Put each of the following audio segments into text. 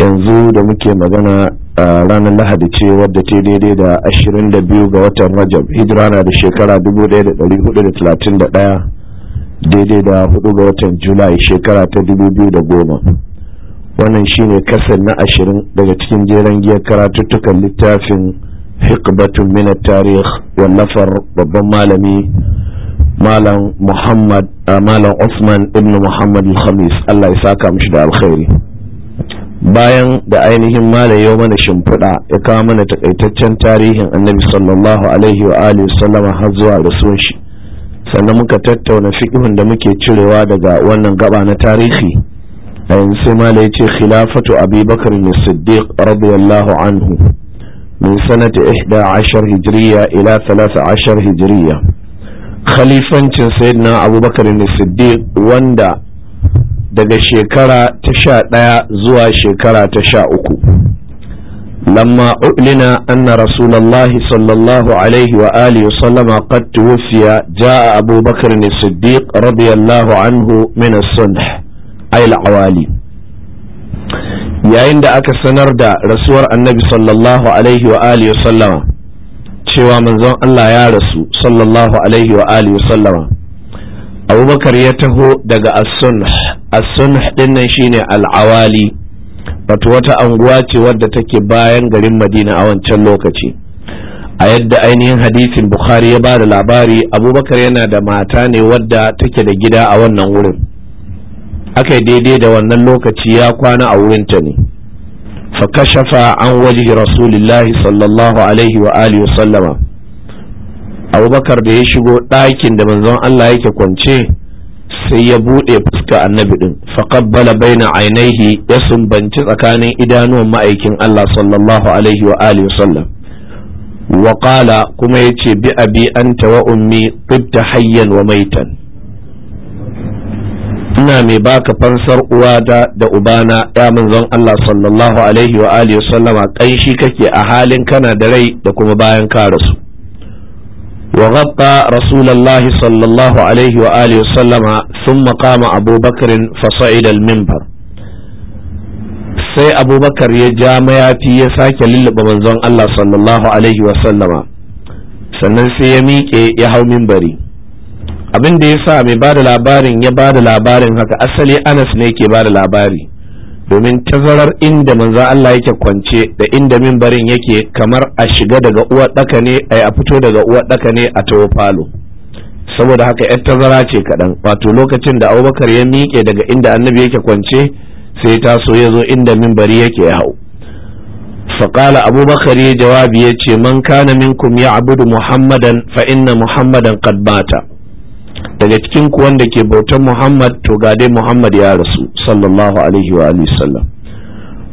yanzu da muke magana a ranar lahadi ce wadda ta daidai da 22 ga watan rajab hijira na da shekara 1431 daidai da 4 ga watan julai shekara ta 2010 wannan shine kasar na 20 daga cikin jeren giyar karatuttukan littafin hikbatun minar tarih wallafar babban malami malam muhammad malam usman ibn muhammad al-khamis allah ya saka mishi da alkhairi bayan da ainihin yau mana shimfiɗa ya kawo mana takaitaccen tarihin annabi sallallahu alaihi wa alihi sallama har zuwa rasuwar shi sannan muka tattauna fiƙihun da muke cirewa daga wannan gaba na tarihi a yanzu sai mala ya ce khilafatu abubakar ne siddiq radiyallahu anhu min sanata ihda ashar hijiriya ila talata ashar hijiriya khalifancin sayyidina abubakar ne siddiq wanda daga shekara ta sha ɗaya zuwa shekara ta sha uku lamma ulina anna rasulallahi sallallahu alaihi wa alihi sallama qad tuwfiya jaa abu bakr ne siddiq radiyallahu anhu min as-sunnah ay yayin da aka sanar da rasuwar annabi sallallahu alaihi wa alihi sallama cewa manzon Allah ya rasu sallallahu alaihi wa alihi sallama abubakar ya taho daga as asunh din nan shine awali wato wata anguwa ce wadda take bayan garin madina a wancan lokaci a yadda ainihin hadisin bukhari ya bada da labari abubakar yana da mata ne wadda take da gida a wannan wurin aka yi daidai da wannan lokaci ya kwana a wurin ta ne Fa kashafa an waje rasulullahi sallallahu alaihi wa alihi wa sallama abubakar da ya shigo ɗakin da manzon Allah yake kwance sai ya buɗe fuska annabi ɗin faqabbala baina ainihi ya sumbanci tsakanin idanuwan ma'aikin Allah sallallahu alaihi wa alihi wasallam wa qala kuma yace bi abi anta wa ummi tibta hayyan wa maitan ina mai baka fansar uwata da ubana ya manzon Allah sallallahu alaihi wa alihi wasallama kake a halin kana da rai da kuma bayan ka rasu وغطى رسول الله صلى الله عليه وآله وسلم ثم قام أبو بكر فصعد المنبر sai abubakar ya ja mayafi ya sake lullaba manzon Allah sallallahu alaihi wasallama sannan sai ya miƙe ya hau mimbari abin da ya sa mai ba da labarin ya ba da labarin haka asali anas ne ke ba da labari domin tazarar inda manzan Allah yake kwance da inda mimbarin yake kamar a shiga daga uwar ɗaka ne a fito daga uwar ɗaka ne a tawo falo saboda haka yar tazara ce kaɗan wato lokacin da abubakar ya miƙe daga inda annabi yake kwance sai ta so ya zo inda mimbari yake ya hau faƙala abubakar ya jawabi ya ce man kana minkum ya abudu muhammadan fa muhammadan qad daga cikin ku wanda ke bautan Muhammad to ga Muhammad ya rasu sallallahu alaihi wa alihi sallam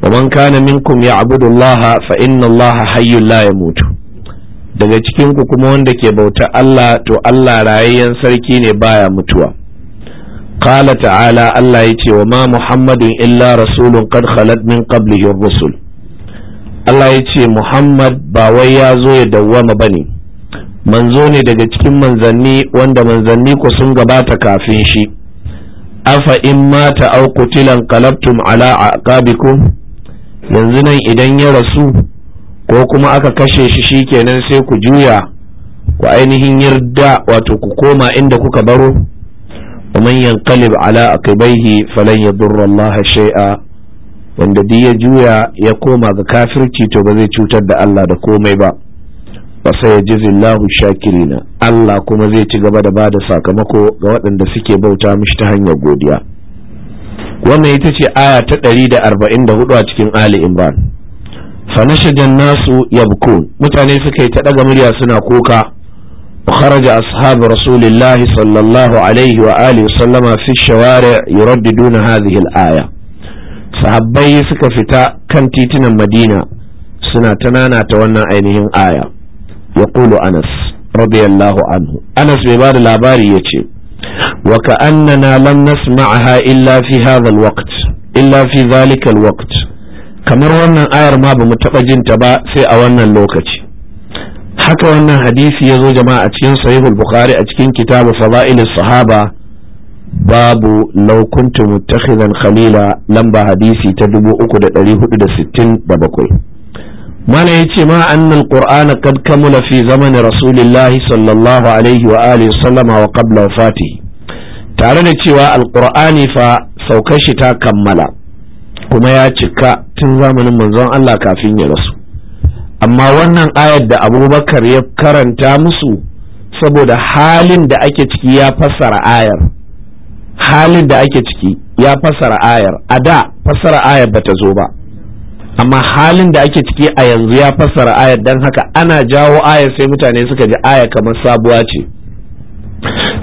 wa man kana minkum ya Allah fa inna Allah hayyul la daga cikin ku kuma wanda ke bauta Allah to Allah rayayyen sarki ne baya mutuwa qala ta'ala Allah yace wa ma Muhammadun illa rasulun qad khalat min qablihi rusul Allah yace Muhammad ba wai ya zo ya dawwama bane manzo ne daga cikin manzanni wanda manzanni ku sun gabata kafin shi afa in mata au kutilan qalabtum ala aqabikum yanzu nan idan ya rasu ko kuma aka kashe shi shikenan sai ku juya ku ainihin yarda wato ku koma inda kuka baro ومن ينقلب على عقبيه فلن يضر الله شيئا wanda dai ya juya ya koma ga kafirci to ba zai cutar da Allah da komai ba fasayajizi shakiri shakirina Allah kuma zai ci gaba da bada sakamako ga waɗanda suke bauta mishi ta hanyar godiya wannan ita ce aya ta 144 a cikin Ali Imran fanashajan nasu yabkun mutane suka yi ta ɗaga murya suna kuka kharaja ashabu rasulillahi sallallahu alaihi wa alihi sallama fi shawari yuraddiduna hadhihi al-aya sahabbai suka fita kan titunan Madina suna tanana ta wannan ainihin aya yaqulu anas radiyallahu anhu anas bai bada labari yace wa ka'annana lam nasma'aha illa fi hadha alwaqt illa fi dhalika alwaqt kamar wannan ayar ma bamu taɓa jin ta ba sai a wannan lokaci haka wannan hadisi ya zo jama'a a cikin sahihul bukhari a cikin kitabu fada'il sahaba babu law kuntu khalila lamba hadisi ta bakwai. mana ya ce ma annal qur'ana kad kamula fi zamanin rasulillahi sallallahu alaihi wa alihi sallama wa qabla wafati tare da cewa alqur'ani fa saukar shi ta kammala kuma ya cika tun zamanin manzon Allah kafin ya rasu amma wannan ayar da abubakar ya karanta musu saboda halin da ake ciki ya fassara ayar halin da ake ciki ya fassara ayar a da fassara ayar bata zo ba amma halin da ake ciki a yanzu ya fassara ayar don haka ana jawo ayar sai mutane suka ji aya kamar sabuwa ce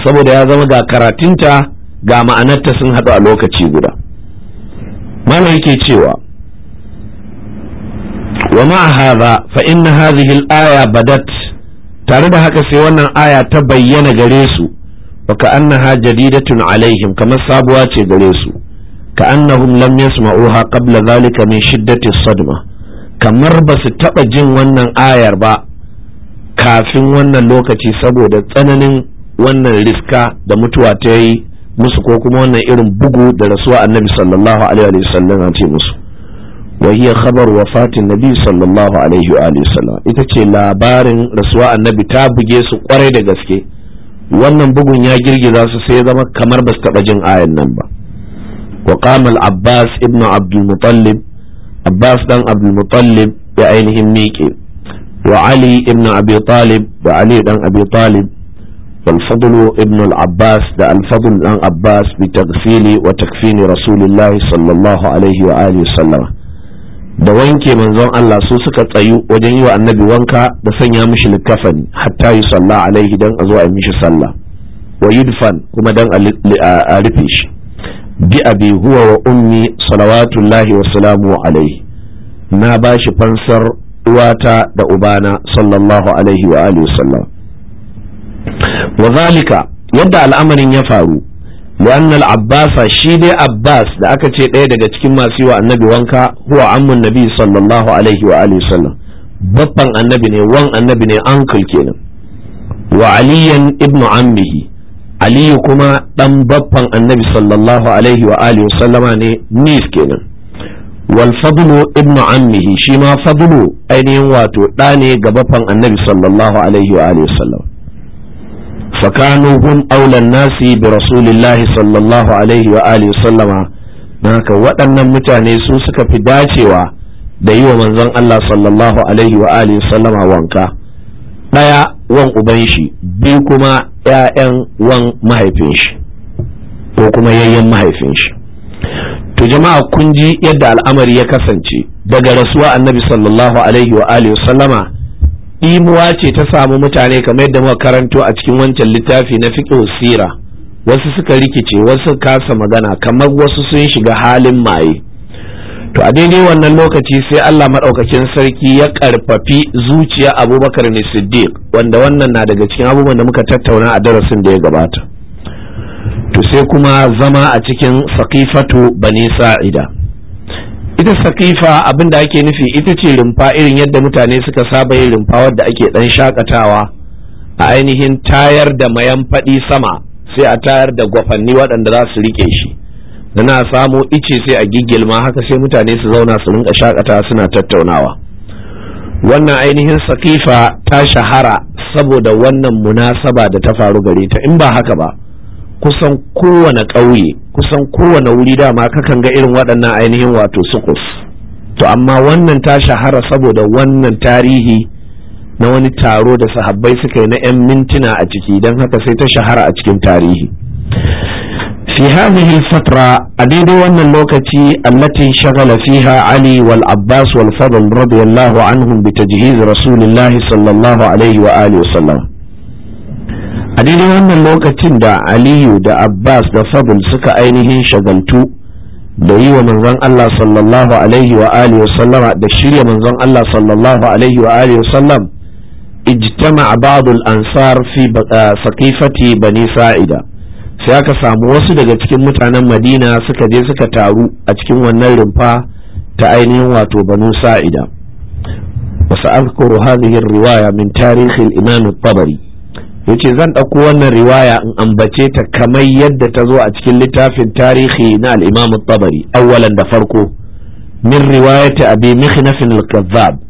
saboda ya zama ga karatunta ga ma'anarta sun haɗu a lokaci guda mana yake cewa wa ma'a hadha fa inna hadhihi al-aya badat tare da haka sai wannan aya ta bayyana gare su wa ka'annaha jadidatun alaihim kamar sabuwa ce gare su ka annahum lam yasma'uha qabla zalika min shiddati sadma kamar ba su taba jin wannan ayar ba kafin wannan lokaci saboda tsananin wannan riska da mutuwa ta yi musu ko kuma wannan irin bugu da rasuwa annabi sallallahu alaihi wa sallam a ce musu wa hiya khabar wafatin nabi sallallahu alaihi wa sallam ita ce labarin rasuwa annabi ta buge su kwarai da gaske wannan bugun ya girgiza su sai zama kamar ba su taba jin ayar nan ba wa qama al-abbas ibn abdul muttalib abbas ɗan abdul muttalib ya ainihin miƙe wa ali ibn abi talib da ali dan abi talib wal fadl ibn abbas da al-fadl dan abbas bi wa takfini rasulillahi sallallahu alaihi da wanke manzon Allah su suka tsayu wajen yi wa annabi wanka da sanya mishi likafani hatta yi sallah alaihi dan a zo a mishi sallah wa yudfan kuma dan a rufe shi bi abi huwa wa ummi salawatullahi wa salamu alaihi na ba shi fansar uwata da ubana sallallahu alaihi wa alihi sallam wa zalika yadda al'amarin ya faru li'anna al-abbasa shi dai abbas da aka ce ɗaya daga cikin masu yi wa annabi wanka huwa ammun nabi sallallahu alaihi wa alihi sallam babban annabi ne wan annabi ne uncle kenan wa aliyan ibnu ammihi aliyu kuma ɗan baffan annabi sallallahu alaihi wa alihi sallama ne nis kenan wal fadlu ibnu ammihi shi ma fadlu ainihin wato ɗa ne ga baffan annabi sallallahu alaihi wa alihi sallama fakanu hum aulan nasi bi rasulillahi sallallahu alaihi wa alihi sallama haka waɗannan mutane su suka fi dacewa da yi wa manzon Allah sallallahu alaihi wa alihi sallama wanka ɗaya wan uban shi biyu kuma ‘ya'yan wan mahaifin shi ko kuma yayyan mahaifin shi to jama'a kun ji yadda al'amari ya kasance daga rasuwa annabi sallallahu alaihi wa alihi sallama imuwa ce ta samu mutane kamar yadda muka karanto a cikin wancan littafi na fiqh sira wasu suka rikice wasu kasa magana kamar wasu sun shiga halin maye to a daidai wannan lokaci sai Allah maɗaukakin sarki ya karfafi zuciya abubakar ne siddiq wanda wannan na daga cikin abubuwan da muka tattauna a darasin da ya gabata to sai kuma zama a cikin saƙifatu bani sa'ida ita saƙifa abin da ake nufi ita ce rumfa irin yadda mutane suka saba yin rumfa wadda ake ɗan shakatawa a ainihin tayar da mayan faɗi sama sai a tayar da gwafanni waɗanda za su riƙe shi na samo ice sai a gigilma haka sai mutane su zauna su rinka shakata suna tattaunawa wannan ainihin sakifa ta shahara saboda wannan munasaba da ta faru gare ta in ba haka ba kusan kowane ƙauye kusan kowane wuri dama kakan ga irin waɗannan ainihin wato sukus to amma wannan ta shahara saboda wannan tarihi na wani taro da sahabbai suka yi na 'yan mintuna a ciki don haka sai ta shahara a cikin tarihi fi hadhihi al-fatra a daidai wannan lokaci allati shagala fiha ali wal abbas wal fadl radiyallahu anhum bi tajhiz rasulillahi wa alihi wa sallam a daidai wannan lokacin da aliyu da abbas da fadl suka ainihin shagaltu da wa manzon Allah sallallahu alaihi wa alihi wa sallama da shirya manzon Allah sallallahu alaihi wa alihi wa sallam ansar fi sa'ida sai aka samu wasu daga cikin mutanen madina suka je suka taru a cikin wannan rumfa ta ainihin wato banu sa'ida wasu alkuru hadhihi riwaya min tarihin imam tabari yace zan ɗauko wannan riwaya in ambace ta kamar yadda ta zo a cikin littafin tarihi na al tabari awalan da farko min ta abi mihnaf al-kazzab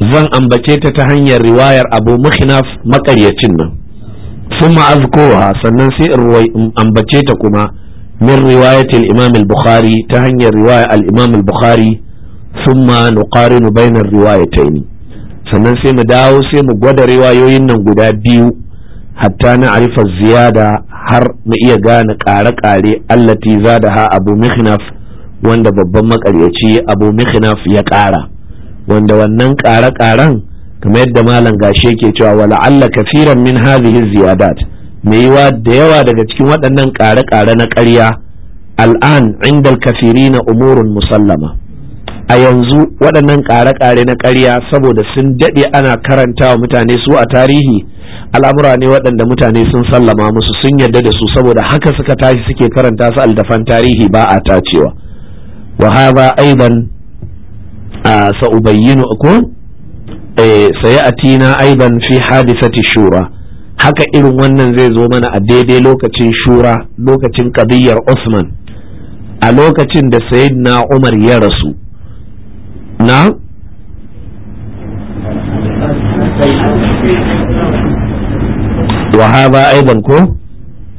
zan ambace ta ta hanyar riwayar abu mihnaf makaryacin nan ثم أذكرها سنن ta أنبتشي تكما من رواية الإمام البخاري تهني رواية الإمام البخاري ثم نقارن بين الروايتين sannan sai mu dawo sai mu gwada riwayoyin nan guda biyu hatta na arifa ziyada har mu iya gane ƙare-ƙare allati da ha abu mihnaf wanda babban makaryaci abu ya ƙara wanda wannan ƙare-ƙaren kamar yadda malam gashi ke cewa wala alla kafiran min hadhihi ziyadat mai yiwa da yawa daga cikin waɗannan ƙare-ƙare na ƙarya al'an inda kafirina umurun musallama a yanzu waɗannan ƙare-ƙare na ƙarya saboda sun daɗe ana karanta wa mutane su a tarihi al'amura ne waɗanda mutane sun sallama musu sun yarda da su saboda haka suka tashi suke karanta su aldafan tarihi ba a tacewa wa haba aidan sa ubayyinu ko Eh, saya atina aiban fi hadisati shura haka irin wannan zai zo mana a daidai lokacin shura lokacin kabiyar Usman a lokacin da sayyidina Umar ya rasu na wahaba aiban ko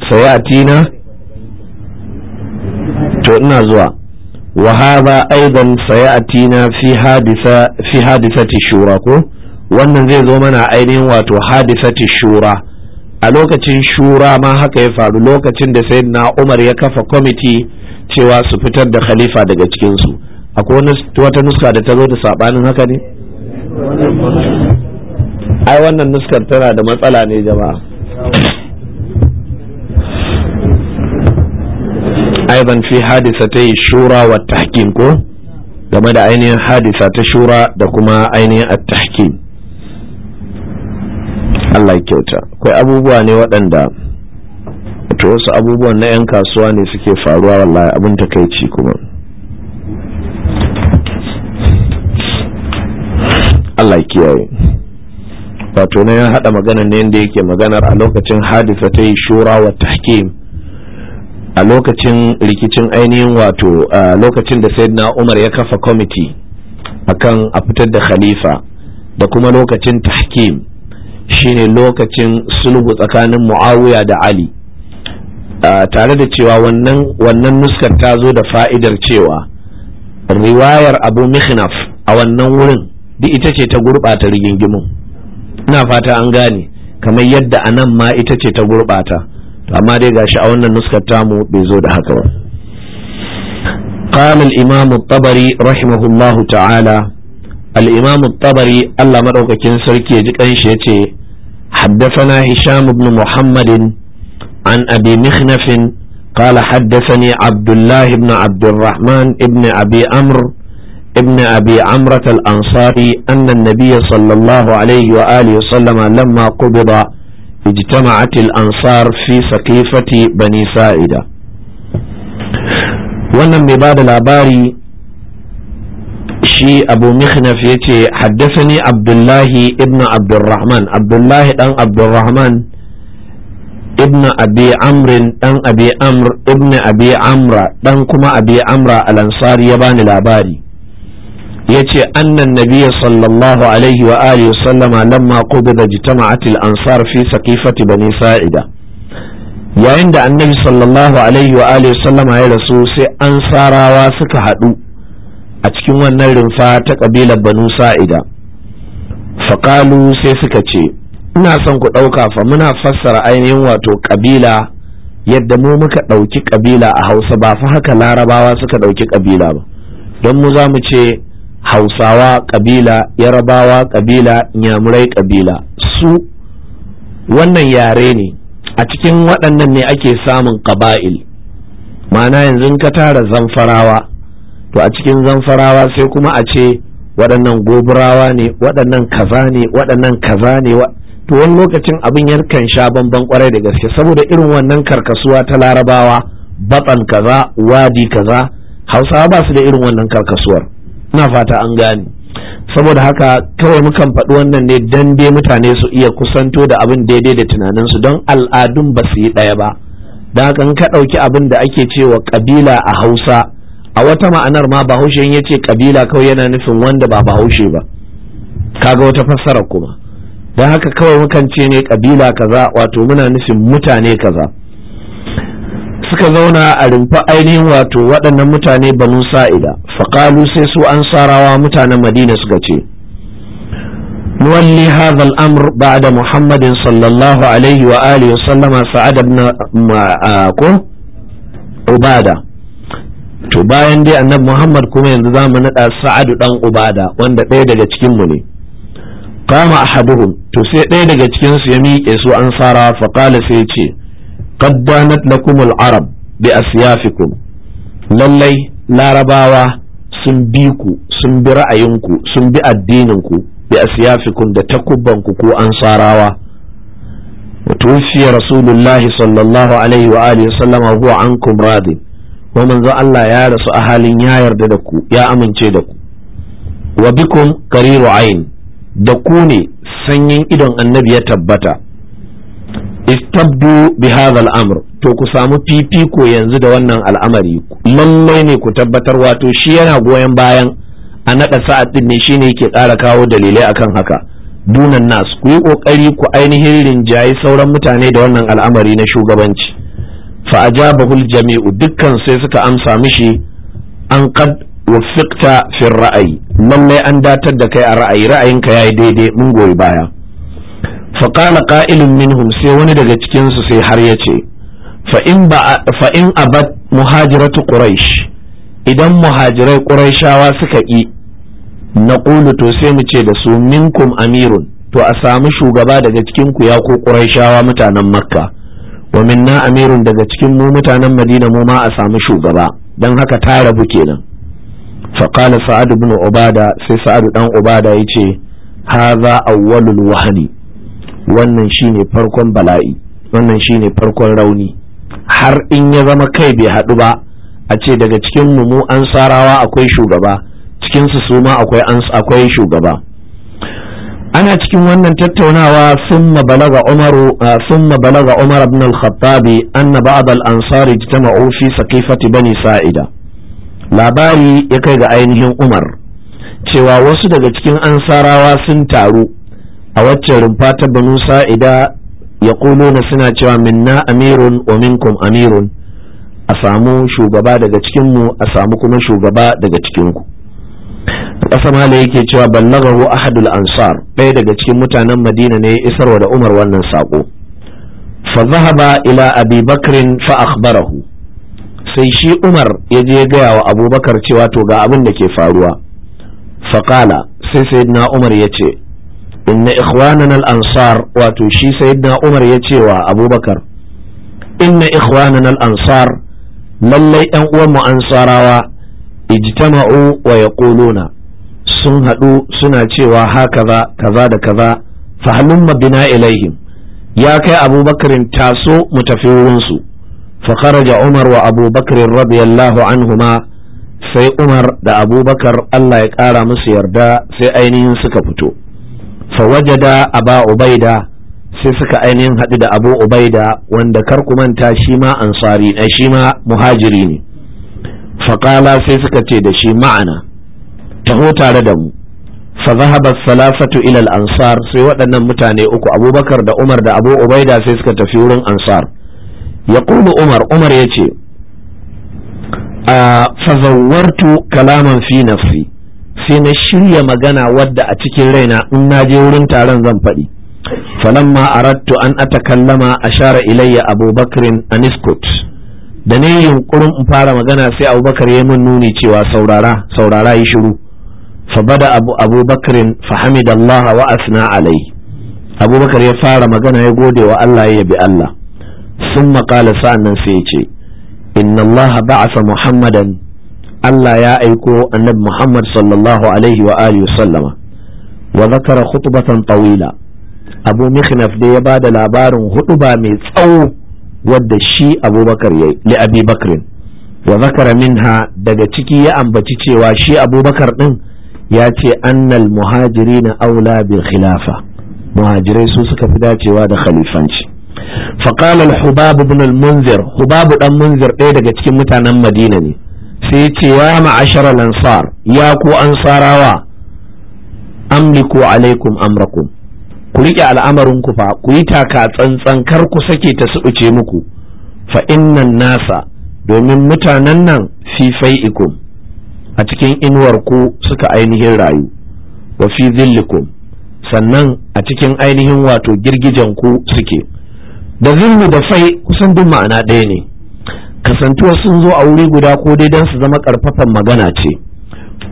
saya to ina zuwa وهذا أيضا سيأتينا في حادثة في حادثة الشورى wannan zai zo mana ainihin wato hadisati shura a lokacin shura ma haka ya faru lokacin da sai na umar ya kafa kwamiti cewa su fitar da khalifa daga cikinsu akwai wata nuska da ta zo da sabanin haka ne ai wannan nuskar tana da matsala ne jama'a ايضا fi حادثتي shura wa كو ko game da ainihin hadisa ta shura da kuma ainihin at-tahkim Allah kyauta akwai abubuwa ne waɗanda to wasu abubuwan na 'yan kasuwa ne suke faruwa wallahi abin takaici kuma Allah kiyaye wato na ya haɗa maganar ne da yake maganar a lokacin hadisa ta yi shura wa tahkim a lokacin rikicin ainihin wato a lokacin da sayyidina umar ya kafa kwamiti akan a fitar da khalifa da kuma lokacin tahkim shine lokacin sulhu tsakanin muawiya da ali tare da cewa wannan nuskar ta zo da fa'idar cewa riwayar abu mihnaf a wannan wurin duk ita ce ta gurbata rigingimin ina fata an gane kamar yadda a nan ma ita ce ta gurɓata amma dai gashi a wannan nuskar tamu bai zo da haka ba قال الإمام الطبري رحمه الله تعالى الإمام الطبري الله مدعوك كنسر كي يجي حدثنا هشام بن محمد عن أبي مخنف قال حدثني عبد الله بن عبد الرحمن بن أبي أمر ابن أبي عمرة الأنصاري أن النبي صلى الله عليه وآله وسلم لما قبض ijtama'at al-ansar fi saqifati bani sa'ida wannan mai bada labari shi abu mihnaf ya ce haddasani abdullahi ibn abdurrahman abdullahi dan abdurrahman ibn abi amrin dan abi amr ibn abi amra dan kuma abi amra al-ansari ya bani labari Ya ce annan nabiya sallallahu alaihi wa alihi sallama nan lamma qubida da al-ansar fi saqifati bani sa'ida yayin da annabi sallallahu alaihi wa alihi sallama ya rasu sai ansarawa suka haɗu a cikin wannan rumfa ta kabilar banu sa'ida faƙalu sai suka ce ina son ku ɗauka fa muna fassara ainihin wato ƙabila yadda mu muka ɗauki ƙabila a hausa ba fa haka larabawa suka ɗauki ƙabila ba don mu za mu ce hausawa kabila yarabawa kabila nyamurai kabila su wannan yare ne a cikin waɗannan ne ake samun ƙaba'il ma'ana yanzu ka tara zamfarawa to a cikin zamfarawa sai kuma a ce waɗannan goburawa ne waɗannan kaza ne waɗannan kaza ne to wani lokacin abin yankan sha bamban kwarai da gaske saboda irin wannan karkasuwa ta larabawa batsan kaza wadi kaza hausawa ba su da irin wannan karkasuwar na fata an gane saboda haka kawai mukan faɗi wannan ne dan dai mutane su iya kusanto da abin daidai da tunaninsu don al'adun ba su yi ɗaya ba don haka ka ɗauki abin da ake cewa kabila a hausa a wata ma'anar ma bahaushe ya ce kabila kawai yana nufin wanda ba bahaushe ba kaga wata fassara kuma don haka kawai mukan ce ne kabila kaza wato muna nufin mutane kaza suka zauna a rumfa ainihin wato waɗannan mutane banu sa'ida faƙalu sai su an sarawa mutanen madina suka ce nuwalli hadha al-amr ba'da muhammadin sallallahu alaihi wa alihi wa sallama sa'ad ibn ko ubada to bayan dai annabi muhammad kuma yanzu zamu naɗa sa'adu ɗan ubada wanda ɗaya daga cikin mu ne kama ahaduhum to sai ɗaya daga cikin su ya miƙe su an sarawa faƙala sai ce qad danat lakum al-arab bi lallai larabawa sun bi ku sun bi ra'ayinku sun bi addininku bi asyafikum da takubbanku ko ansarawa وتوفي رسول الله صلى الله عليه وآله وسلم وهو عنكم halin ومن ذا الله يا رسول أهل يا يرددكو يا أمن جدكو وبكم قرير عين دكوني سنين إدن النبي يتبتا istabdu bi hadha amr to ku samu fifiko yanzu da wannan al'amari lallai ne ku tabbatar wato shi yana goyon bayan a naɗa sa'ad din ne shine yake ƙara kawo dalilai akan haka dunan nas ku yi ƙoƙari ku ainihin rinjayi sauran mutane da wannan al'amari na shugabanci fa ajabahul jami'u dukkan sai suka amsa mishi an qad wafiqta fi ra'ayi lallai an datar da kai a ra'ayi ra'ayinka yayi daidai mun goyi baya faƙala ƙa'ilun minhum sai wani daga cikinsu sai har ya ce fa'in abad muhajiratu quraish idan muhajirai ƙuraishawa suka ƙi na to sai mu ce da su minkum amirun to a samu shugaba daga cikinku ya ko ƙuraishawa mutanen makka wa minna amirun daga cikin mu mutanen madina mu ma a samu shugaba don haka ta rabu kenan faƙala sa'ad ibn ubada sai sa'ad dan ubada ya ce haza awwalul wahani wannan shine farkon bala'i wannan shine farkon rauni har in ya zama kai bai haɗu ba a ce daga cikin mu ansarawa akwai shugaba cikin su suma akwai akwai shugaba ana cikin wannan tattaunawa summa balaga umaru summa balaga umar ibn al-khattabi anna ba'd al-ansari ijtama'u fi saqifati bani sa'ida labari ya kai ga ainihin umar cewa wasu daga cikin ansarawa sun taru a waccan rumfa ta banu sa'ida ya na suna cewa minna amirun wa minkum amirun a samu shugaba daga cikinmu a samu kuma shugaba daga cikinku ƙasa mala yake cewa ballagahu ahadul ansar ɗaya daga cikin mutanen madina ne isarwa da umar wannan saƙo fa zahaba ila abi bakrin fa akhbarahu sai shi umar ya je gaya wa abubakar cewa to ga abin da ke faruwa faƙala sai sayyidina umar ya ce inna ikhwanana al-ansar wato shi sayyidina Umar ya ce wa Abubakar inna ikhwanana al-ansar lallai 'yan uwan mu ansarawa ijtama'u wa yaquluna sun haɗu suna cewa hakaza kaza da kaza fa halumma bina ilaihim ya kai abubakarin taso mu tafi wurinsu fa kharaja umar wa abubakarin radiyallahu anhuma sai umar da abubakar allah ya ƙara musu yarda sai ainihin suka fito fawajada aba ubaida sai suka ainihin haɗu da abu ubaida wanda karku manta shi ma ansari na shi ma muhajiri ne faƙala sai suka ce da shi ma'ana taho tare da mu fa zahaba salafatu ilal ansar sai waɗannan mutane uku abubakar da umar da abu ubaida sai suka tafi wurin ansar ya umar umar ya ce A zawartu kalaman fi nafsi sai na shirya magana wadda a cikin raina in na je wurin taron zan faɗi falamma aradtu an atakallama ashara ilayya abubakrin aniskut da ne yunkurin in fara magana sai abubakar ya min nuni cewa saurara saurara yi shiru fa bada abu fahamidallaha wa asna alai abubakar ya fara magana ya gode wa Allah ya bi Allah sun maƙala sa'an nan sai ya ce inna Allah ba'asa muhammadan Allah ya aiko annabi Muhammad sallallahu alaihi wa alihi sallama wa zakara khutbatan tawila Abu Mikhnaf da ya da labarin huɗuba mai tsawo wadda shi Abubakar ya li Abi Bakrin wa zakara minha daga ciki ya ambaci cewa shi Abubakar din ya ce annal muhajirina aula bil khilafa muhajirai su suka fi dacewa da khalifanci فقال الحباب بن munzir حباب dan munzir ɗaya daga cikin mutanen Madina ne sai ce ya ma'ashara lansar ya ku sarawa amliku alaikum amrakum ku riƙe al'amarin ku fa ku yi taka tsantsan kar ku sake ta suɓuce muku fa innan nasa domin mutanen nan fi ikum a cikin inuwar ku suka ainihin rayu wa fi zillikum sannan a cikin ainihin wato girgijen ku suke da zillu da fai kusan duk ma'ana ɗaya ne kasantuwar sun zo a wuri guda ko dai don su zama karfafan magana ce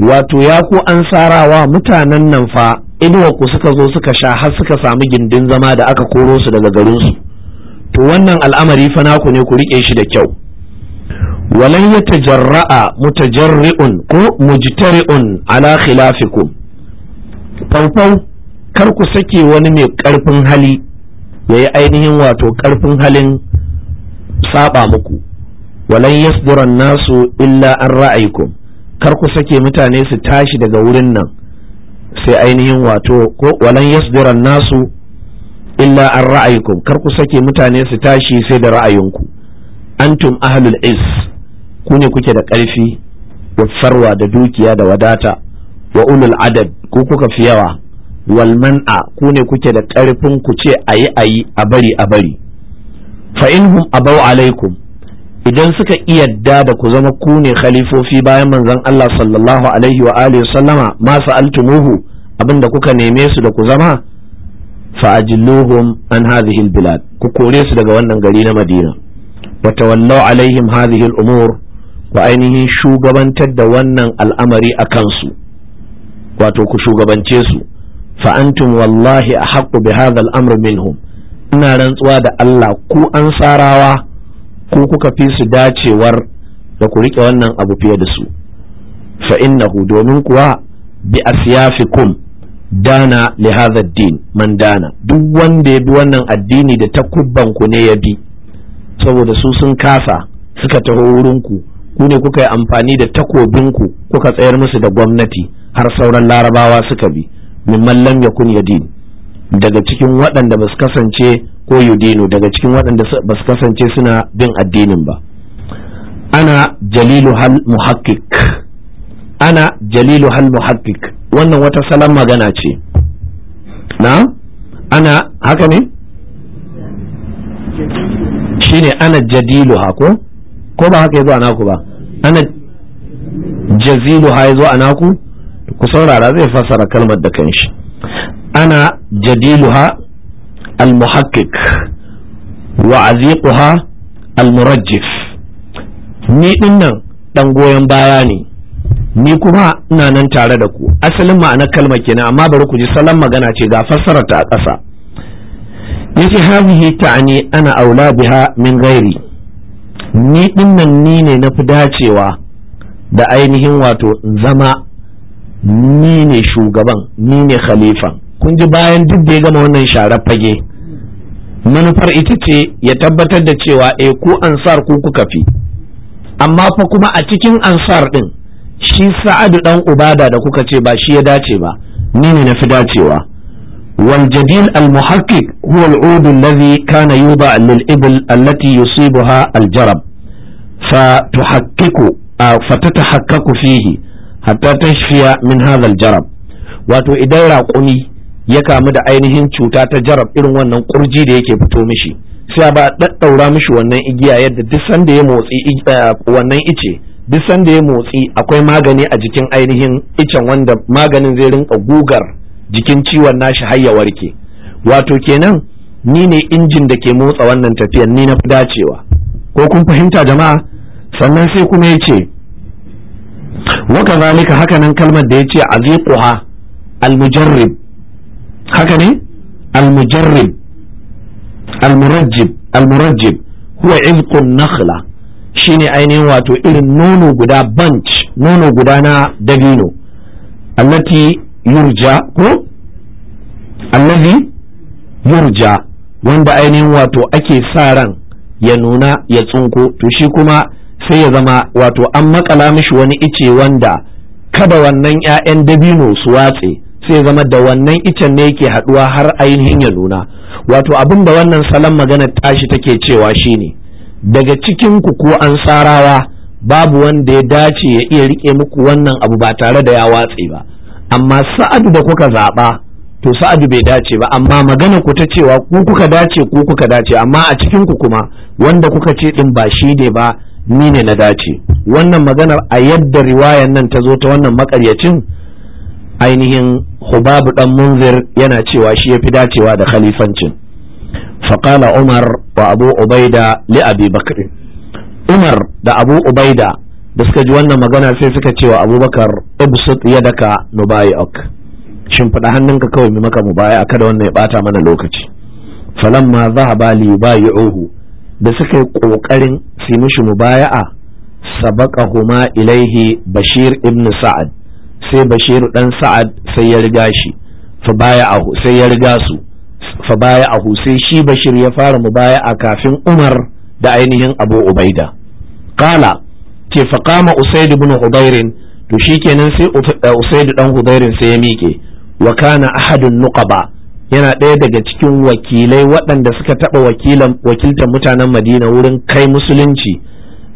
wato ya ku an sarawa mutanen nan fa inuwa ku suka zo suka sha har suka samu gindin zama da aka koro su daga garinsu to wannan al'amari fa naku ne ku rike shi da kyau walan yatajarra'a mutajarri'un ko mujtari'un ala khilafikum faufau kar ku sake wani mai karfin hali yayi ainihin wato karfin halin saba muku walan yasduran nasu illa an ra'aykum kar ku sake mutane su tashi daga wurin nan sai ainihin wato ko walan yasduran nasu illa an ra'aykum kar ku sake mutane su tashi sai da ra'ayinku antum ahlul is ku ne kuke da ƙarfi da farwa da dukiya da wadata wa ulul adad ku kuka fi yawa wal man'a ku ne kuke da ƙarfin ku ce ayi ayi a bari a bari fa inhum abau alaikum idan suka iya da ku zama ku ne khalifofi bayan manzon Allah sallallahu alaihi wa alihi sallama masu sa'altumuhu abinda kuka neme su da ku zama fa ajilluhum an hadhihi bilad ku kore su daga wannan gari na Madina wa tawallaw alaihim hadhihi al-umur ku ainihin shugabantar da wannan al'amari a kansu wato ku shugabance su fa antum wallahi ahaqqu bi hadha al-amr minhum ina rantsuwa da Allah ku ansarawa ku kuka fi su dacewar da ku riƙe wannan abu fiye da su fa innahu domin kuwa bi asyafikum dana li hadha din man dana duk wanda ya bi wannan addini da takubban ku ne ya bi saboda su sun kasa suka taho wurin ku ku ne kuka yi amfani da takobin ku kuka tsayar musu da gwamnati har sauran larabawa suka bi mimman lam yakun yadin daga cikin waɗanda ba kasance ko yudinu daga cikin waɗanda ba su kasance suna bin addinin ba ana jalilu hal muhakkik ana jalilu hal muhakkik wannan wata salon magana ce na ana haka ne shine ana jadilu hako ko ba haka yazo a naku ba ana jazilu ha yazo a naku ku saurara zai fassara kalmar da kanshi ana jadilu ha al-muhakkik wa ni din nan dan goyon baya ne ni kuma ina nan tare da ku asalin ma'anar kalmar kenan amma bari ku ji salon magana ce ga fassarar ta a ƙasa yace hadhihi ta'ani ana aula biha min ghairi ni din nan ni ne na fi dacewa da ainihin wato zama ni ne shugaban ni ne khalifan kun ji bayan duk da ya gama wannan sharar fage manufar ita ce ya tabbatar da cewa e ku ansar ku kuka fi amma fa kuma a cikin ansar din shi sa'adu dan ubada da kuka ce ba shi ya dace ba ni ne na fi dacewa wal jadil al muhaqqiq huwa al ud alladhi kana yuda lil ibl allati yusibuha al jarab fa tuhaqqiqu fa tatahaqqaqu fihi hatta tashfiya min hadha al jarab wato idan raƙumi ya kamu da ainihin cuta ta jarab irin wannan kurji da yake fito mishi sai ba ɗaɗɗaura mishi wannan igiya yadda duk sanda ya motsi eh, wannan ice duk sanda ya motsi akwai magani a jikin ainihin icen wanda maganin zai rinka gugar jikin ciwon nashi har ya warke wato kenan ni ne injin da ke motsa wannan tafiyan ni na fi dacewa ko kun fahimta jama'a sannan sai kuma ya ce wa kazalika haka nan kalmar da ya ce al almujarrib haka ne almujarrib almurajjib almurajjib huwa izqun nakhla shine ainihin wato irin nono guda bunch nono guda na dabino allati yurja ko allazi yurja wanda ainihin wato ake sa ran ya nuna ya tsunko to shi kuma sai ya zama wato an makala mishi wani ice wanda kada wannan 'ya'yan dabino su watse sai zama da wannan icen ne yake haduwa har ainihin ya nuna wato abin da wannan salon magana tashi take cewa shine daga cikin ku ko an sarawa babu wanda ya dace ya iya rike muku wannan abu ba tare da ya watse ba amma sa'adu da kuka zaɓa to sa'adu bai dace ba amma magana ku ta cewa ku kuka dace ku kuka dace amma a cikin ku kuma wanda kuka ce din ba shi ne ba ni ne na dace wannan maganar a yadda riwayan nan ta zo ta wannan makaryacin ainihin hubabu dan munzir yana cewa shi ya fi dacewa da khalifancin faƙala umar wa abu ubaida li abi bakr umar da abu ubaida da suka ji wannan magana sai suka ce wa abubakar ibsut yadaka Shin fada hannunka kawai mai maka mubaya kada wannan ya bata mana lokaci falamma zahaba li yubayi'uhu da suka yi ƙoƙarin su mishi mubaya'a sabaqahuma ilaihi bashir ibn sa'ad sai bashiru dan sa'ad sai ya riga shi fa baya sai ya riga su fa baya ahu sai shi bashir ya fara a kafin umar da ainihin abu ubaida qala ke fa qama usaid ibn hudairin to shikenan sai eh, usaid dan hudairin sai ya miƙe wa kana ahadun nuqaba yana ɗaya daga cikin wakilai waɗanda suka taɓa wakiltar mutanen madina wurin kai musulunci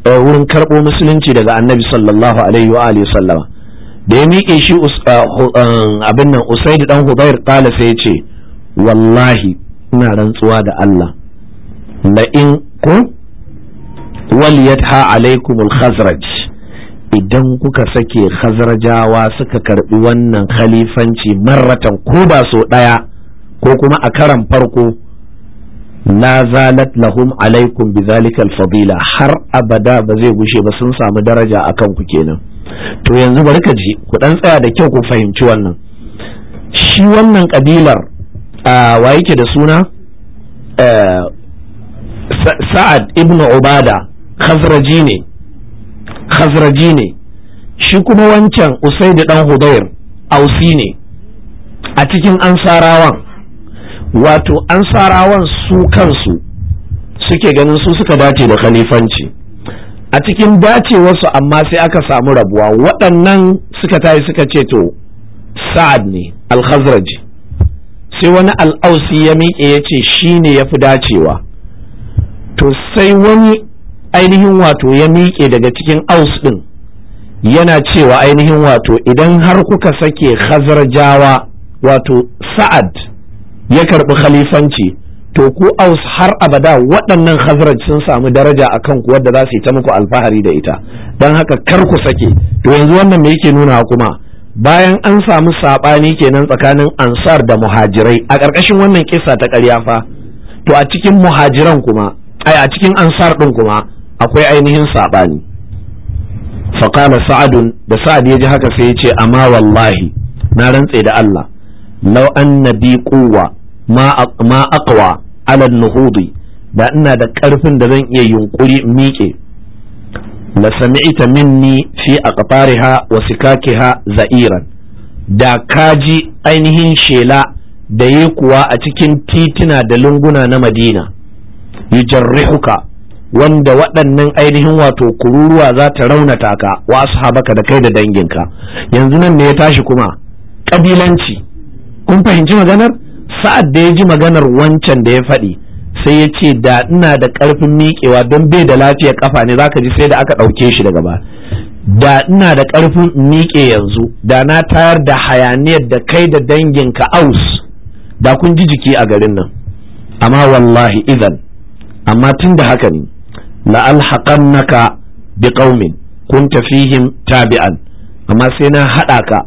eh, wurin karɓo musulunci daga annabi sallallahu alaihi wa alihi sallama da ya miƙe shi abin nan da dan hubair ƙala sai ce wallahi ina rantsuwa da Allah na in ku ha alaikum khazraj idan kuka sake khazrajawa suka karbi wannan khalifanci marratan ko ba so ɗaya ko kuma a karan farko la zalat lahum alaikum bi zalikal fadila har abada ba zai gushe ba sun samu daraja akan ku kenan to yanzu bari ka je ku dan tsaya da kyau ku fahimci wannan shi wannan kabilar wa yake da suna sa'ad ibn ubada khazraji ne khazraji ne shi kuma wancan usaid dan hudair ausi ne a cikin ansarawan wato ansarawan su kansu suke ganin su suka dace da khalifanci a cikin dacewarsu amma sai aka samu rabuwa waɗannan suka tayi suka ce to sa'ad ne alhazraji sai wani al'ausi ya miƙe ya ce shi ne ya fi dacewa to sai wani ainihin wato ya miƙe daga cikin aus ɗin yana cewa ainihin wato idan har kuka sake hazarjawa wato sa'ad ya karɓi khalifanci to ku aus har abada waɗannan khazraj sun samu daraja a kan ku wadda za su yi ta muku alfahari da ita don haka kar ku sake to yanzu wannan me yake nuna kuma bayan an samu saɓani kenan tsakanin ansar da muhajirai a ƙarƙashin wannan kisa ta ƙarya fa to a cikin muhajiran kuma ai a cikin ansar ɗin kuma akwai ainihin saɓani faƙala sa'adun da sa'ad ya ji haka sai ya ce amma wallahi na rantse da Allah lau an nabi kuwa ma aqwa alal nuhudi da ina da ƙarfin da zan iya yunƙuri miƙe la sami'ta minni fi aqtariha wa sikakiha za'iran da kaji ainihin shela da yi kuwa a cikin titina da lunguna na madina yujarrihuka wanda waɗannan ainihin wato kururuwa za ta raunata ka wa ashabaka da kai da danginka yanzu nan ne ya tashi kuma ƙabilanci kun fahimci maganar sa'ad da ya ji maganar wancan da ya faɗi sai ya ce da ina da ƙarfin miƙewa don bai da lafiyar kafa ne zaka ji sai da aka ɗauke shi daga ba da ina da ƙarfin miƙe yanzu da na tayar da hayaniyar da kai da dangin ka aus da kun ji jiki a garin nan amma wallahi idan amma tun da haka ne la'alhaƙannaka bi qaumin kun tafihim tabi'an amma sai na haɗa ka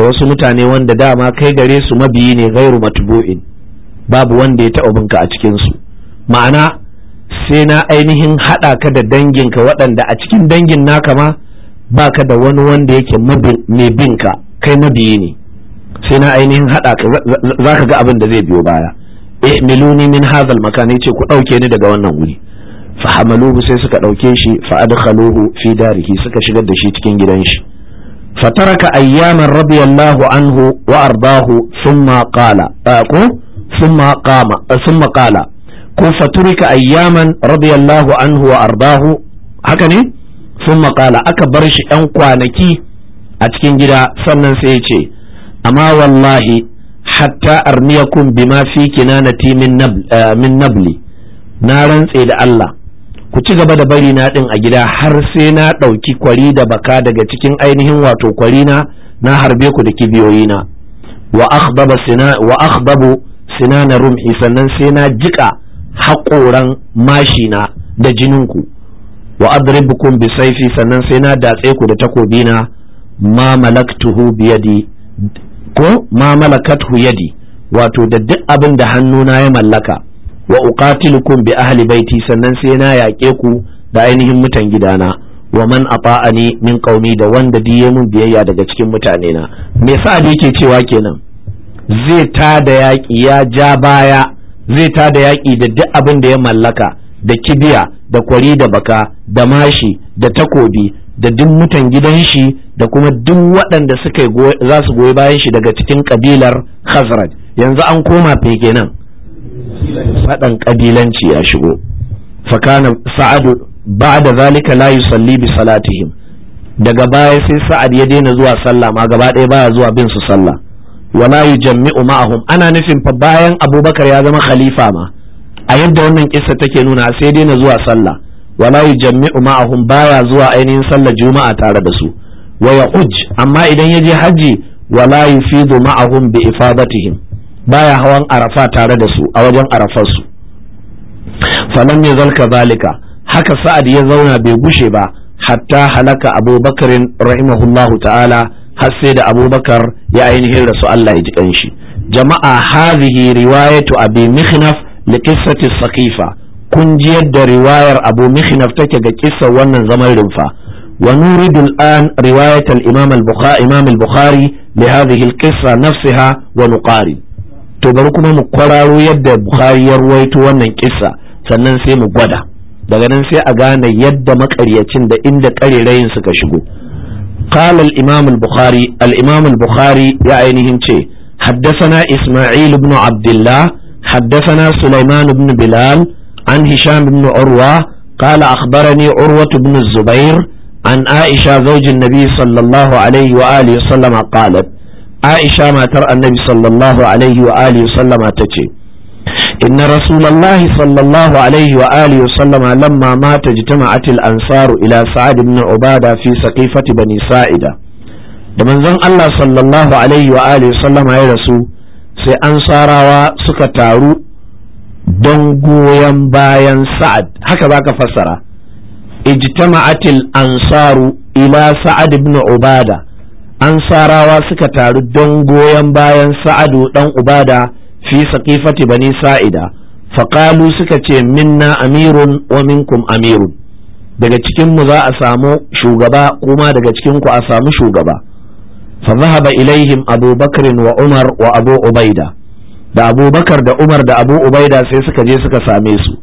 da wasu mutane wanda dama kai gare su mabiyi ne gairu matubu'in babu wanda ya taɓa binka a cikinsu ma'ana sai na ainihin haɗa ka da danginka waɗanda a cikin dangin naka ma ka da wani wanda yake mai binka kai mabiyi ne sai na ainihin haɗa ka za ka ga abin da zai biyo baya eh miluni min hazal makani ce ku ɗauke ni daga wannan wuri fahamaluhu sai suka ɗauke shi fa adkhaluhu fi darihi suka shigar da shi cikin gidan shi فترك أياما رضي الله عنه وأرضاه ثم قال ثم قام ثم قال فترك أياما رضي الله عنه وأرضاه هكذا ثم قال أكبرش أنقوانكي أتكين جدا سنن سيتي أما والله حتى أرميكم بما في كنانتي من نبل من نبلي نارا إلى الله ku ci gaba da bari na ɗin a gida har sai na ɗauki kwari da baka daga cikin ainihin wato kwari na na harbe ku da kibiyoyi na wa akhdaba sina wa akhdabu sinana rumhi sannan sai na jika haƙoran mashi na da jinin ku wa adribukum bi saifi sannan sai na datse ku da takobi na ma malaktuhu bi yadi ko ma yadi wato da duk abin da hannuna ya mallaka wa uqatilukum bi ahli baiti sannan sai na yaƙe ku da ainihin mutan gidana wa man ata'ani min qaumi da wanda diye mun biyayya daga cikin mutane na me yasa da yake cewa kenan zai ta da yaƙi ya ja baya zai ta da yaƙi da duk abin da ya mallaka da kibiya da kwari da baka da mashi da takobi da duk mutan gidan shi da kuma duk waɗanda suka za su goyi bayan shi daga cikin kabilar khazraj yanzu an koma fekenan faɗan ƙabilanci ya shigo fakana sa'adu da zalika la yusalli bi salatihim daga baya sai sa'ad ya daina zuwa sallah ma gaba ɗaya baya zuwa bin su sallah wala yujammi'u ma'ahum ana nufin fa bayan abubakar ya zama khalifa ma a yadda wannan kissa take nuna sai daina zuwa sallah wala yujammi'u ma'ahum baya zuwa ainihin sallar juma'a tare da su wa ya'uj amma idan ya je haji wala yufidu ma'ahum bi ifadatihim baya hawan arafa tare da su a wajen arafar su falam ya zalka zalika haka sa'ad ya zauna bai gushe ba hatta halaka abubakarin rahimahullahu ta'ala har sai da abubakar ya ainihin rasu Allah ya ji kanshi jama'a hadhihi riwayatu abi mihnaf li qissati saqifa kun ji yadda riwayar abu mihnaf take ga kissa wannan zaman rumfa wa nuridu al'an riwayat al-imam al-bukhari imam al-bukhari li hadhihi al-qissa nafsaha wa nuqarib to bari kuma mu kwararo yadda bukhari ya ruwaito wannan kissa sannan sai mu gwada daga nan sai a gane yadda makaryacin da inda karerayin suka shigo قال الإمام البخاري الإمام البخاري يا أينهم شيء حدثنا إسماعيل بن عبد الله حدثنا سليمان بن بلال عن هشام بن عروة قال أخبرني عروة بن الزبير عن عائشة زوج النبي صلى الله عليه وآله وسلم قالت aisha matar annabi sallallahu alaihi wa alihi sallama ta ce inna rasulallahi sallallahu alaihi wa alihi sallama lamma mata jitama'atil ansaru ila sa'ad ibn ubada fi saqifati bani sa'ida da manzon Allah sallallahu alaihi wa alihi sallama ya rasu sai ansarawa suka taru don goyon bayan sa'ad haka zaka fassara ijtama'atil ansaru ila sa'ad ibn ubada ansarawa suka taru don goyon bayan sa'adu dan ubada fi saqifati bani sa'ida faƙalu suka ce minna amirun wa minkum amirun daga cikinmu za a samu shugaba kuma daga cikin ku a samu shugaba fa zahaba ilaihim abubakar wa umar wa abu ubaida da abubakar da umar da abu ubaida sai suka je suka same su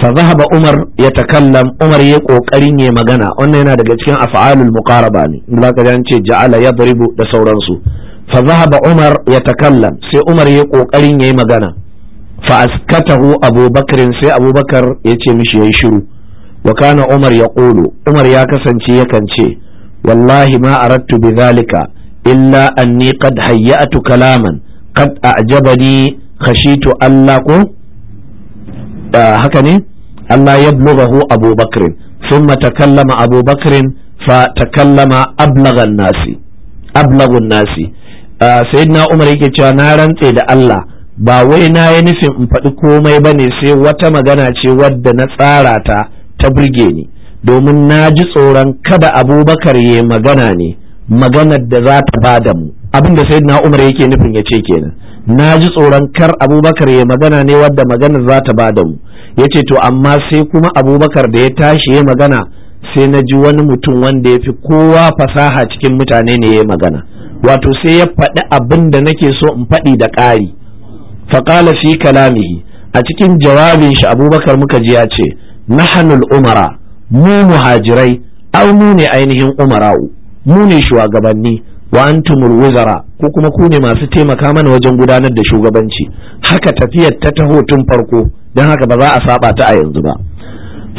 fa zahaba umar ya takallam umar ya kokarin ya magana wannan yana daga cikin af'alul muqaraba ne in zaka ji ja'ala yadribu da sauransu fa zahaba umar ya sai umar ya kokarin yayi magana fa askatahu abubakar sai abubakar ya ce mishi yayi shiru wa kana umar ya qulu umar ya kasance yakan ce wallahi ma aradtu bi zalika illa anni qad hayya'tu kalaman qad a'jabani khashitu allah ko haka ne Allah ya blughahu Abu Bakr thumma takallama Abu Bakr fa takallama ablagha nasi ablaghu nasi sayyidina Umar yake cewa na rantse da Allah ba wai na yi nufin in faɗi komai bane sai wata magana ce wadda na tsara ta ta burge ni domin na ji tsoron kada abubakar ya magana ne maganar da za ta ba da mu abinda sayyidina umar yake nufin ya ce kenan na ji tsoron kar abubakar ya magana ne wadda maganar za ta ba da mu ya ce to amma sai kuma abubakar da ya tashi ya magana sai na ji wani mutum wanda ya fi kowa fasaha cikin mutane ne ya magana wato sai ya faɗi abin da nake so in faɗi da ƙari faƙala fi kalamihi a cikin jawabin shi abubakar muka ji ya ce nahanul umara mu muhajirai au mu ne ainihin umara'u mu ne shugabanni wa antumul wuzara ko kuma ku ne masu taimaka mana wajen gudanar da shugabanci haka tafiyar ta taho tun farko don haka ba za a saba ta a yanzu ba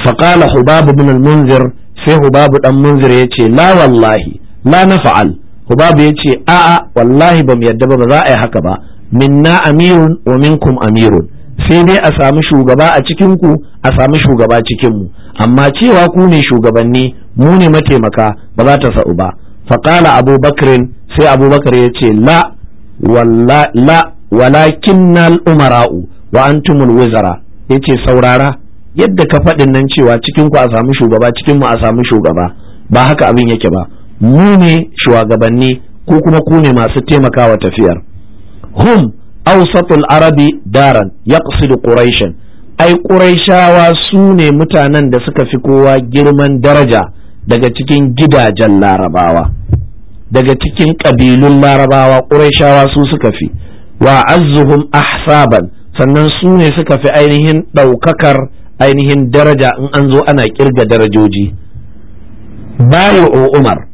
faqala hubab ibn al-munzir sai hubabu dan munzir yace la wallahi la nafa'al hubabu yace a a wallahi bam yadda ba ba za a yi haka ba minna amirun wa minkum amirun sai dai a samu shugaba a cikin ku a samu shugaba cikin mu amma cewa ku ne shugabanni mu ne mataimaka ba za ta sa'u ba faqala abubakrin sai abubakar ya ce la walla la walakin umara'u wa antumul wizara yace saurara yadda ka faɗin nan cewa cikin ku a samu shugaba cikin mu a samu shugaba ba haka abin yake ba mu ne shugabanni ko kuma ku ne masu taimakawa tafiyar hum awsatul arabi daran yaqsidu quraishan ai quraishawa su ne mutanen da suka fi kowa girman daraja daga cikin gidajen larabawa daga cikin ƙabilun larabawa ƙurayshawa su suka fi wa azzuhum ahsaban sannan su ne suka fi ainihin ɗaukakar ainihin daraja in an zo ana kirga darajoji bayo o umar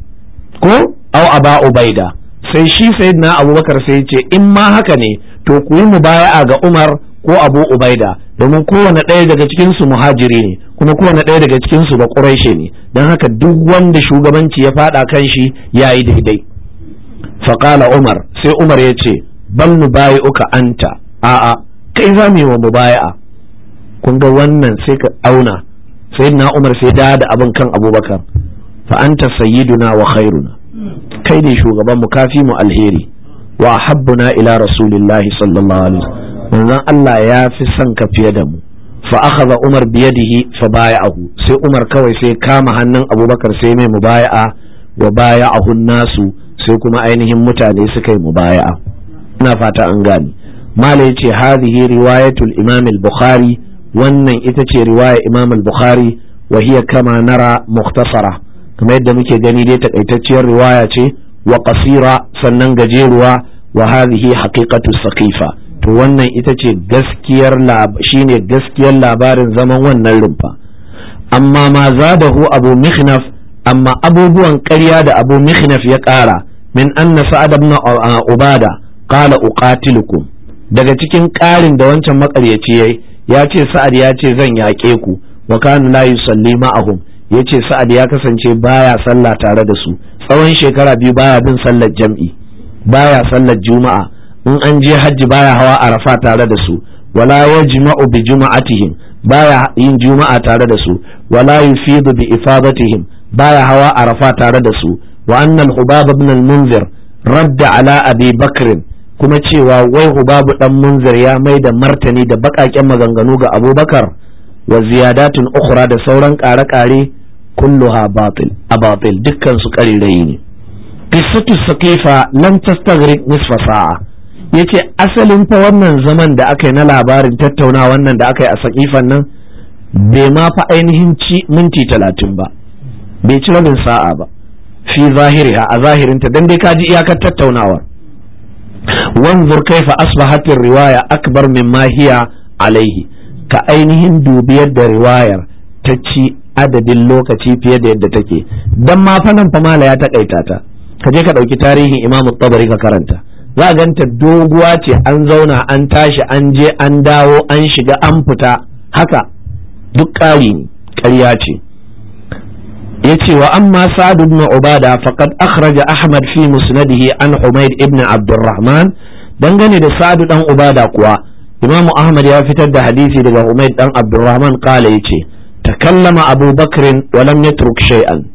ko au aba ubaida sai shi sayyidina abubakar sai ce in ma haka ne to ku yi mubaya'a ga umar ko abu ubaida domin kowane ɗaya daga cikinsu muhajiri ne kuma kowane ɗaya daga cikin su ba ƙurashe ne don haka duk wanda shugabanci ya faɗa kan shi ya yi daidai faƙala umar sai umar ya ce ban mu baya uka anta a'a kai za mu yi wa mubaya'a kun ga wannan sai ka auna sai na umar sai da da abin kan abubakar fa anta sayyiduna wa khairuna kai ne shugaban mu kafi mu alheri wa habbuna ila rasulillahi sallallahu alaihi wasallam manzon Allah ya fi son ka fiye da mu fa akhadha umar biyadihi fa ahu sai umar kawai sai kama hannun abubakar sai mai mubaya'a wa baya'ahu nasu sai kuma ainihin mutane suka yi mubaya'a ina fata an gane malai ce hadhihi riwayatul imam al-bukhari wannan ita ce riwaya imam al-bukhari wa hiya kama nara mukhtasara kamar yadda muke gani dai takaitacciyar riwaya ce wa qasira sannan gajeruwa wa hadhihi haqiqatu saqifa to wannan ita ce gaskiyar shine gaskiyar labarin zaman wannan rumfa amma ma bahu abu mihnaf amma abubuwan ƙarya da abu mihnaf ya ƙara min anna sa'ad ibn uh, uh, ubada qala uqatilukum daga cikin ƙarin da wancan makaryaci yayi ya ce sa'ad ya ce zan yaƙe ku wa kana la yusalli ma'ahum yace sa'ad ya kasance baya sallah tare da su tsawon shekara biyu baya bin sallar jam'i baya sallar juma'a in an je hajji baya hawa arafa tare da su wala yajma'u bi juma'atihim baya yin juma'a tare da su wala yufidu bi ifadatihim baya hawa arafa tare da su wa annal hubab ibn al-munzir radda ala abi bakr kuma cewa wai hubabu dan munzir ya mai da martani da bakaken maganganu ga abubakar wa ukura ukhra da sauran kare-kare kulluha batil abatil dukkan su karirai ne qissatu sakifa lam tastaghriq nisfa sa'a ya ce asalin fa wannan zaman da aka yi na labarin tattauna wannan da aka yi a sakifan nan bai ma fa ainihin ci minti talatin ba bai ci rabin sa'a ba fi ha, a zahirinta don dai kaji iyakar tattaunawar wanzur kaifa asbahatir riwaya akbar mai mahiya alaihi ka ainihin dubi yadda riwayar ta ci adadin lokaci fiye da yadda take dan ma fa nan fa mala ya takaita ta ka je ka ɗauki tarihin imamu tabari ka karanta za ganta doguwa ce an zauna an tashi an je an dawo an shiga an fita haka duk ƙari ne ƙarya ce ya ce wa amma sa'ad ibn ubada faqad akhraja ahmad fi musnadihi an humaid ibn abdurrahman dangane da sadu dan ubada kuwa imamu ahmad ya fitar da hadisi daga humayd dan abdurrahman kala yace takallama abubakar wa lam yatruk shay'an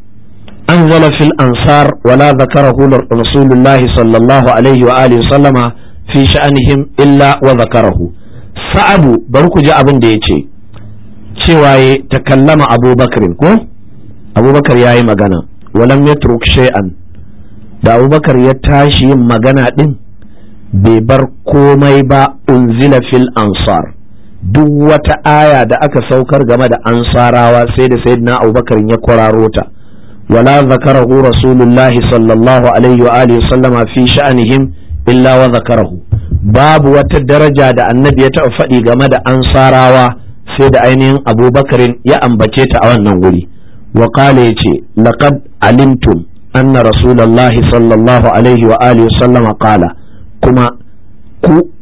أنزل في الأنصار ولا ذكره رسول الله صلى الله عليه وآله وسلم في شأنهم إلا وذكره سعد بركو جاء بن ديتي شواي تكلم أبو بكر كو أبو بكر ياي مغانا ولم يترك شيئا da abubakar ya tashi yin magana ɗin bai bar komai ba unzila fil ansar duk wata aya da aka saukar game da ansarawa sai da sayyidina abubakar ya kwararo ta ولا ذكره رسول الله صلى الله عليه وآله وسلم في شأنهم إلا وذكره باب وتدرجة دا النبي يتعفئي غمد أنصاراوا سيد أينين أبو بكر يا أنبتيت أو نقولي وقال يتي لقد علمتم أن رسول الله صلى الله عليه وآله وسلم قال كما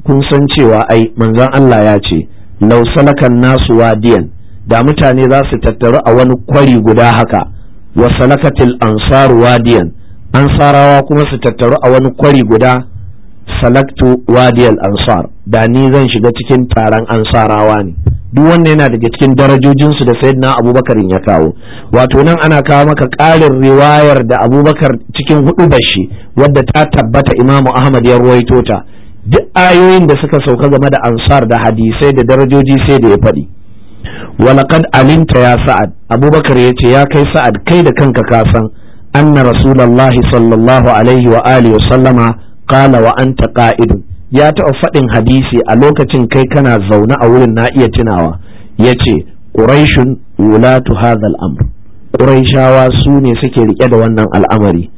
kun san cewa ai manzon Allah ya ce lausalakan nasu wadiyan da mutane za su tattaru a wani kwari guda haka wa salakatil ansar wadiyan ansarawa kuma su tattaru a wani kwari guda salaktu wadiyal ansar da ni zan shiga cikin taron ansarawa ne duk wanda yana daga cikin darajojinsu da sayyidina abubakar ya kawo wato nan ana kawo maka ƙarin riwayar da abubakar cikin hudu bashi wadda ta tabbata imamu ahmad ya ruwaito ta duk ayoyin da suka sauka game da ansar da hadisai da darajoji sai da ya faɗi walaqad alinta ya sa'ad abubakar yace ya kai sa'ad kai da kanka ka san anna rasulullahi sallallahu alaihi wa alihi wa sallama qala wa anta qa'idun ya taɓa faɗin hadisi a lokacin kai kana zaune a wurin na iya tunawa ya ce ƙuraishun wulatu amr ƙuraishawa su ne suke riƙe da wannan al'amari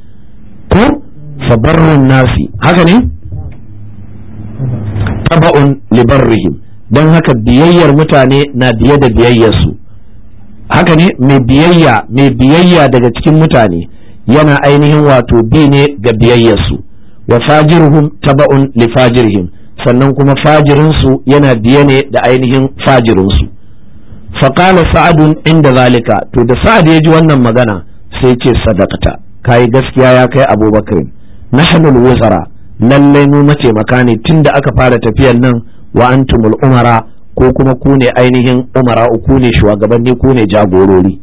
ko fabarrun nasi haka ne taba'un libarrihim don haka biyayyar mutane na biye da biyayyarsu haka ne mai biyayya mai biyayya daga cikin mutane yana ainihin wato bi ne ga biyayyarsu wa fajirhum taba'un li fajirhim sannan kuma fajirinsu yana biye ne da ainihin fa qala sa'adun inda zalika to da sa'ad ya ji wannan magana sai ce sadaqata kayi gaskiya ya kai abubakar al wuzara lallai mu mace ne tunda aka fara tafiyar nan wa antumul umara ko kuma ku ne ainihin umara ku ne shugabanni ku ne jagorori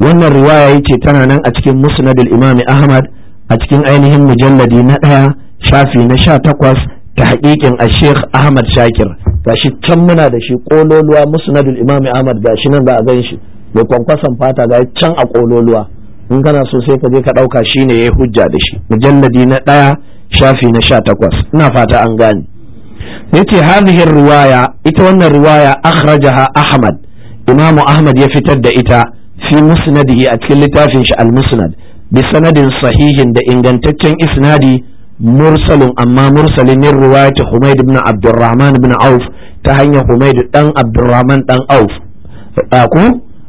wannan riwaya yace tana nan a cikin musnadul imami ahmad a cikin ainihin mujalladi na ɗaya shafi na sha takwas ta haƙiƙin a sheikh ahmad shakir gashi can muna da shi ƙololuwa musnadul imami ahmad gashi nan za a gan shi mai kwankwason fata ga can a ƙololuwa in kana so sai ka je ka ɗauka shi ne ya hujja da shi mujalladi na ɗaya shafi na sha takwas ina fata an gane yace hadhihi riwaya ita wannan riwaya akhrajaha ahmad imam ahmad ya fitar da ita fi musnadihi a cikin littafin shi al-musnad bi sanadin sahihin da ingantaccen isnadi mursalun amma mursalin min riwayati humaid ibn abdurrahman ibn auf ta hanyar humaid dan abdurrahman dan auf ku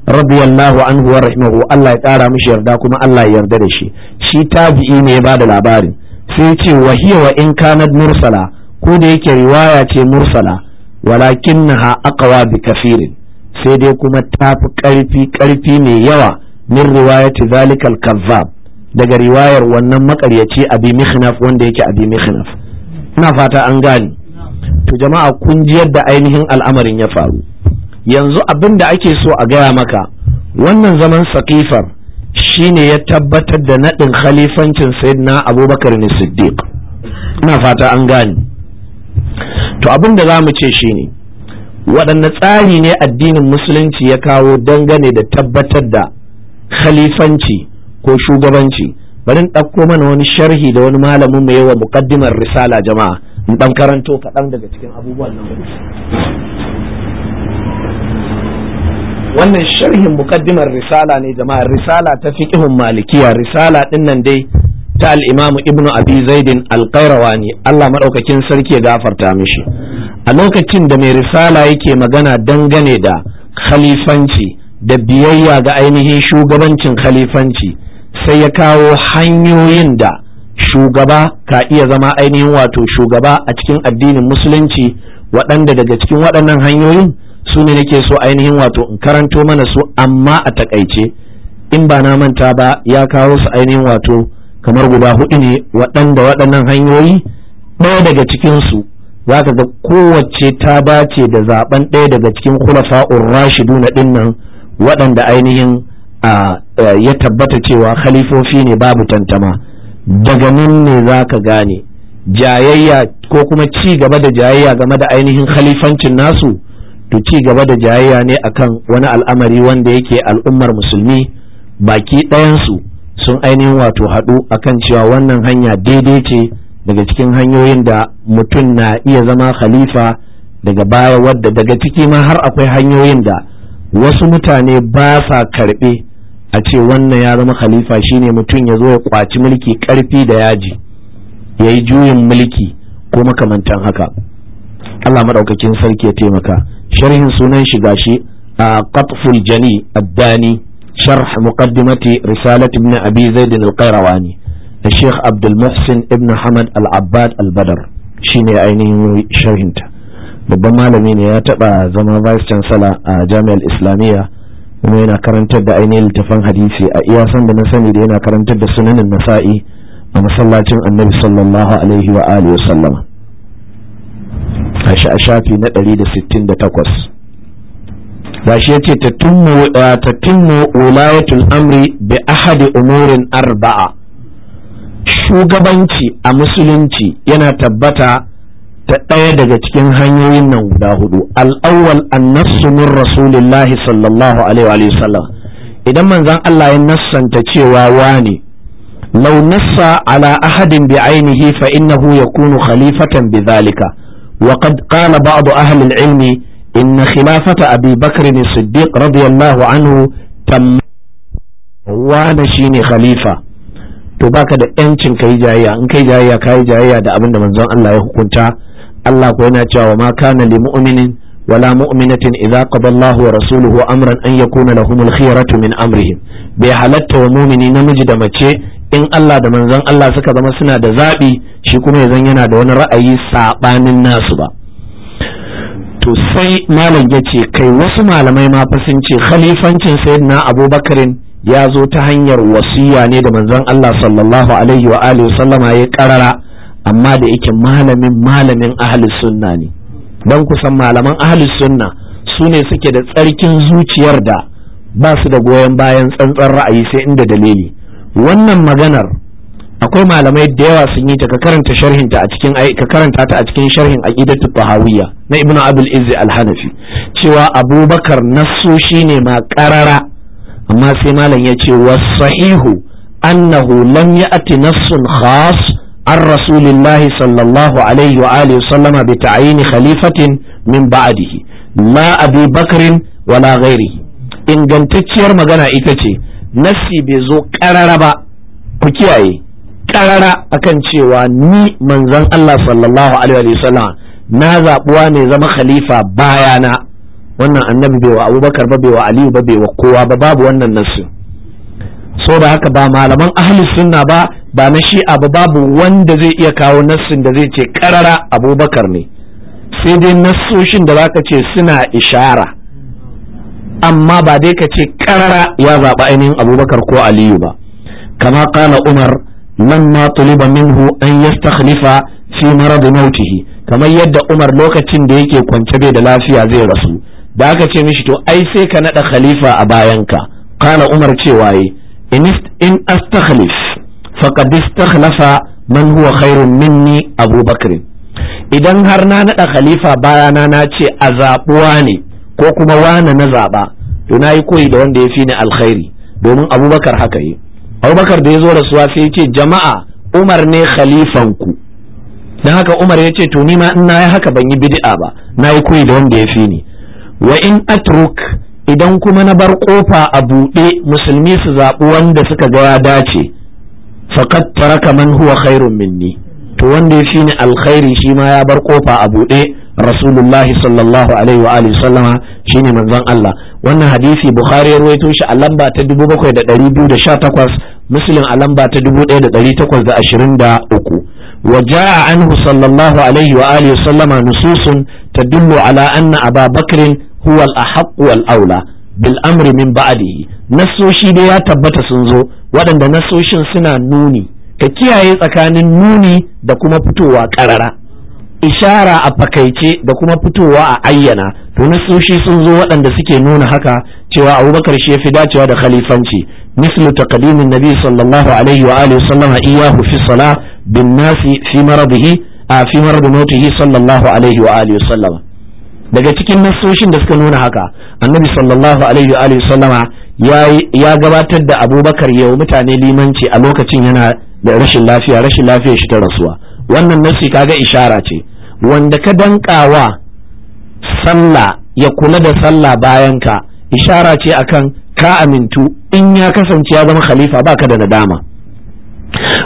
radiyallahu anhu wa rahimahu Allah ya kara mishi yarda kuma Allah ya yarda da shi shi tabi'i ne ya bada labarin sai ce wahiya hiya wa in mursala ko da yake riwaya ce mursala walakinnaha aqwa bi kafirin sai dai kuma ta fi ƙarfi ƙarfi mai yawa min riwayati zalikal kazzab daga riwayar wannan makaryaci abi mihnaf wanda yake abi mihnaf ina fata an gani to jama'a kun ji yadda ainihin al'amarin ya faru yanzu abin da ake so a gaya maka wannan zaman saƙifar shine ya tabbatar da naɗin khalifancin sayyidina abubakar ne siddiq ina fata an gani to abin da za mu ce shi ne, waɗanne tsari ne addinin musulunci ya kawo dangane da tabbatar da khalifanci ko shugabanci bari ɗauko mana wani sharhi da wani malamin mu yawa muqaddimar risala jama'a in ɗan karanto kaɗan daga cikin abubuwan nan wannan sharhin muqaddimar risala ne jama'a risala ta fiqhun malikiya risala ɗin nan dai ta al'imamu Ibnu ibn abi zaidin alƙairawani Allah maɗaukakin sarki ya gafarta mishi a lokacin da mai risala yake magana dangane da khalifanci da biyayya ga ainihin shugabancin khalifanci sai ya kawo hanyoyin da shugaba ka iya zama ainihin wato shugaba a cikin addinin musulunci waɗanda daga cikin waɗannan hanyoyin su ne nake so ainihin wato in karanto mana su amma a takaice in ba na manta ba ya kawo su ainihin wato kamar guda hudu ne waɗanda waɗannan hanyoyi ɗaya daga cikinsu za ka ga kowace ta bace da zaben ɗaya daga cikin khulafa'ur rashidu na ɗinnan waɗanda ainihin ya tabbata cewa khalifofi ne babu tantama daga nan ne za ka gane jayayya ko kuma ci gaba da jayayya game da ainihin khalifancin nasu to ci gaba da jayayya ne akan wani al'amari wanda yake al'ummar musulmi baki ɗayansu sun ainihin wato haɗu akan cewa wannan hanya daidai ce daga cikin hanyoyin da mutum na iya zama khalifa daga baya wadda daga ciki ma har akwai hanyoyin da wasu mutane ba sa karɓe a ce wannan ya zama khalifa shine mutum ya zo ya kwaci mulki karfi da yaji ya yi juyin mulki ko makamantan haka Allah maɗaukakin sarki ya taimaka sharhin sunan shi gashi a qatful jani addani شرح مقدمة رسالة ابن أبي زيد القيرواني الشيخ عبد المحسن ابن حمد العباد البدر شيني أيني شرحنت babban malami ne ya taɓa zama vice chancellor a jami'ar islamiyya kuma yana karantar da ainihin littafan hadisi a iya san da na sani da yana karantar da sunanin nasa'i a masallacin annabi sallallahu alaihi wa alihi a shafi na 168 gashi yace tatimmu eh, wilayatul amri bi ahadi umurin arba'a shugabanci a musulunci yana tabbata ta ɗaya daga cikin hanyoyin nan guda hudu al'awwal annasu min rasulillahi sallallahu alaihi wa sallam idan manzon Allah ya nassanta cewa wani law nassa ala ahadin bi ainihi fa innahu yakunu khalifatan bi dhalika wa qad qala ba'd ahli ilmi inna khilafata abi bakr ne siddiq radiyallahu anhu shi ne khalifa to baka da yancin kai jayayya in kai jayayya kayi jayayya da abin da manzon Allah ya hukunta Allah ko yana cewa ma kana li mu'minin wala mu'minatin idza qada Allah wa rasuluhu amran an yakuna lahumul khiyaratu min amrihim bai halarta wa mu'mini namiji da mace in Allah da manzon Allah suka zama suna da zaɓi shi kuma yanzu yana da wani ra'ayi saɓanin nasu ba to sai malam ya ce kai wasu malamai ma fa sun ce khalifancin sayyidina abubakarin ya zo ta hanyar wasiya ne da manzon Allah sallallahu alaihi wa alihi sallama ya karara amma da yake malamin malamin ahli sunna ne dan kusan malaman ahli sunna su ne suke da tsarkin zuciyar da ba su da goyon bayan tsantsan ra'ayi sai inda dalili wannan maganar akwai malamai da yawa sun yi ta ka karanta sharhin ta a cikin ka karanta ta a cikin sharhin aqidatu tahawiyya na ibnu abul izzi al-hanafi cewa abubakar nassu shine ma qarara amma sai malam ya ce wa sahihu annahu lam ya'ti nassun khas an rasulillahi sallallahu alaihi wa alihi sallama bi ta'yin khalifatin min ba'dihi la abi bakrin wala ghairi ingantacciyar magana ita ce nassi bai zo ƙarara ba ku kiyaye karara akan cewa ni manzon Allah sallallahu alaihi wasallam na zabuwa ne zama khalifa bayana wannan annabi bai wa abubakar ba bai wa aliyu ba bai wa kowa ba babu wannan nasu so da haka ba malaman ahli sunna ba ba na shi abu babu wanda zai iya kawo nassin da zai ce karara abubakar ne sai dai nassoshin da zaka ce suna ishara amma ba dai ka ce karara ya zaɓa ainihin abubakar ko aliyu ba kama kana umar man ma tuliba minhu an yastakhlifa fi marad mautihi kamar yadda Umar lokacin da yake kwance bai da lafiya zai rasu da aka ce mishi to ai sai ka nada khalifa a bayan ka kana Umar cewa waye in astakhlif faqad istakhlafa man huwa khairun minni Abu idan har na nada khalifa bayana na ce a ne ko kuma wane na zaba to nayi koyi da wanda ya fi ni alkhairi domin Abubakar haka yi abubakar da ya zo rasuwa sai ya ce jama'a umar ne khalifanku don haka umar ya ce to ni ma in na yi haka ban yi bid'a ba na yi koyi da wanda ya fi ni wa in atruk idan kuma na bar kofa a buɗe musulmi su zaɓi wanda suka ga ya dace faqad taraka man huwa khairun minni to wanda ya fi ni alkhairi shi ma ya bar kofa a buɗe rasulullahi sallallahu alaihi wa alihi sallama shine manzon Allah wannan hadisi bukhari ya rawaito shi a lamba ta 7218 muslim a lamba ta 1823 وجاء عنه nususun الله ala anna وسلم نصوص تدل على أن أبا بكر هو الأحق والأولى بالأمر Nasoshi بعده ya tabbata sun zo waɗanda nasoshin suna nuni, ka kiyaye tsakanin nuni da kuma fitowa ƙarara ishara a fakaice da kuma fitowa a ayyana to nasoshi sun zo waɗanda suke nuna haka cewa abubakar shi ya fi dacewa da khalifanci mislu taqdimin nabi sallallahu alaihi wa alihi wasallam iyahu fi salah bin nasi fi maradihi a fi mautihi sallallahu alaihi wa alihi wasallam daga cikin nasoshin da suka nuna haka annabi sallallahu alaihi wa alihi wasallama ya gabatar da abubakar yau mutane limanci a lokacin yana da rashin lafiya rashin lafiya shi ta rasuwa wannan nassi kaga ishara ce wanda ka danƙa wa sallah ya kula da sallah bayan ka ishara ce akan ka amintu in ya kasance ya zama khalifa baka da nadama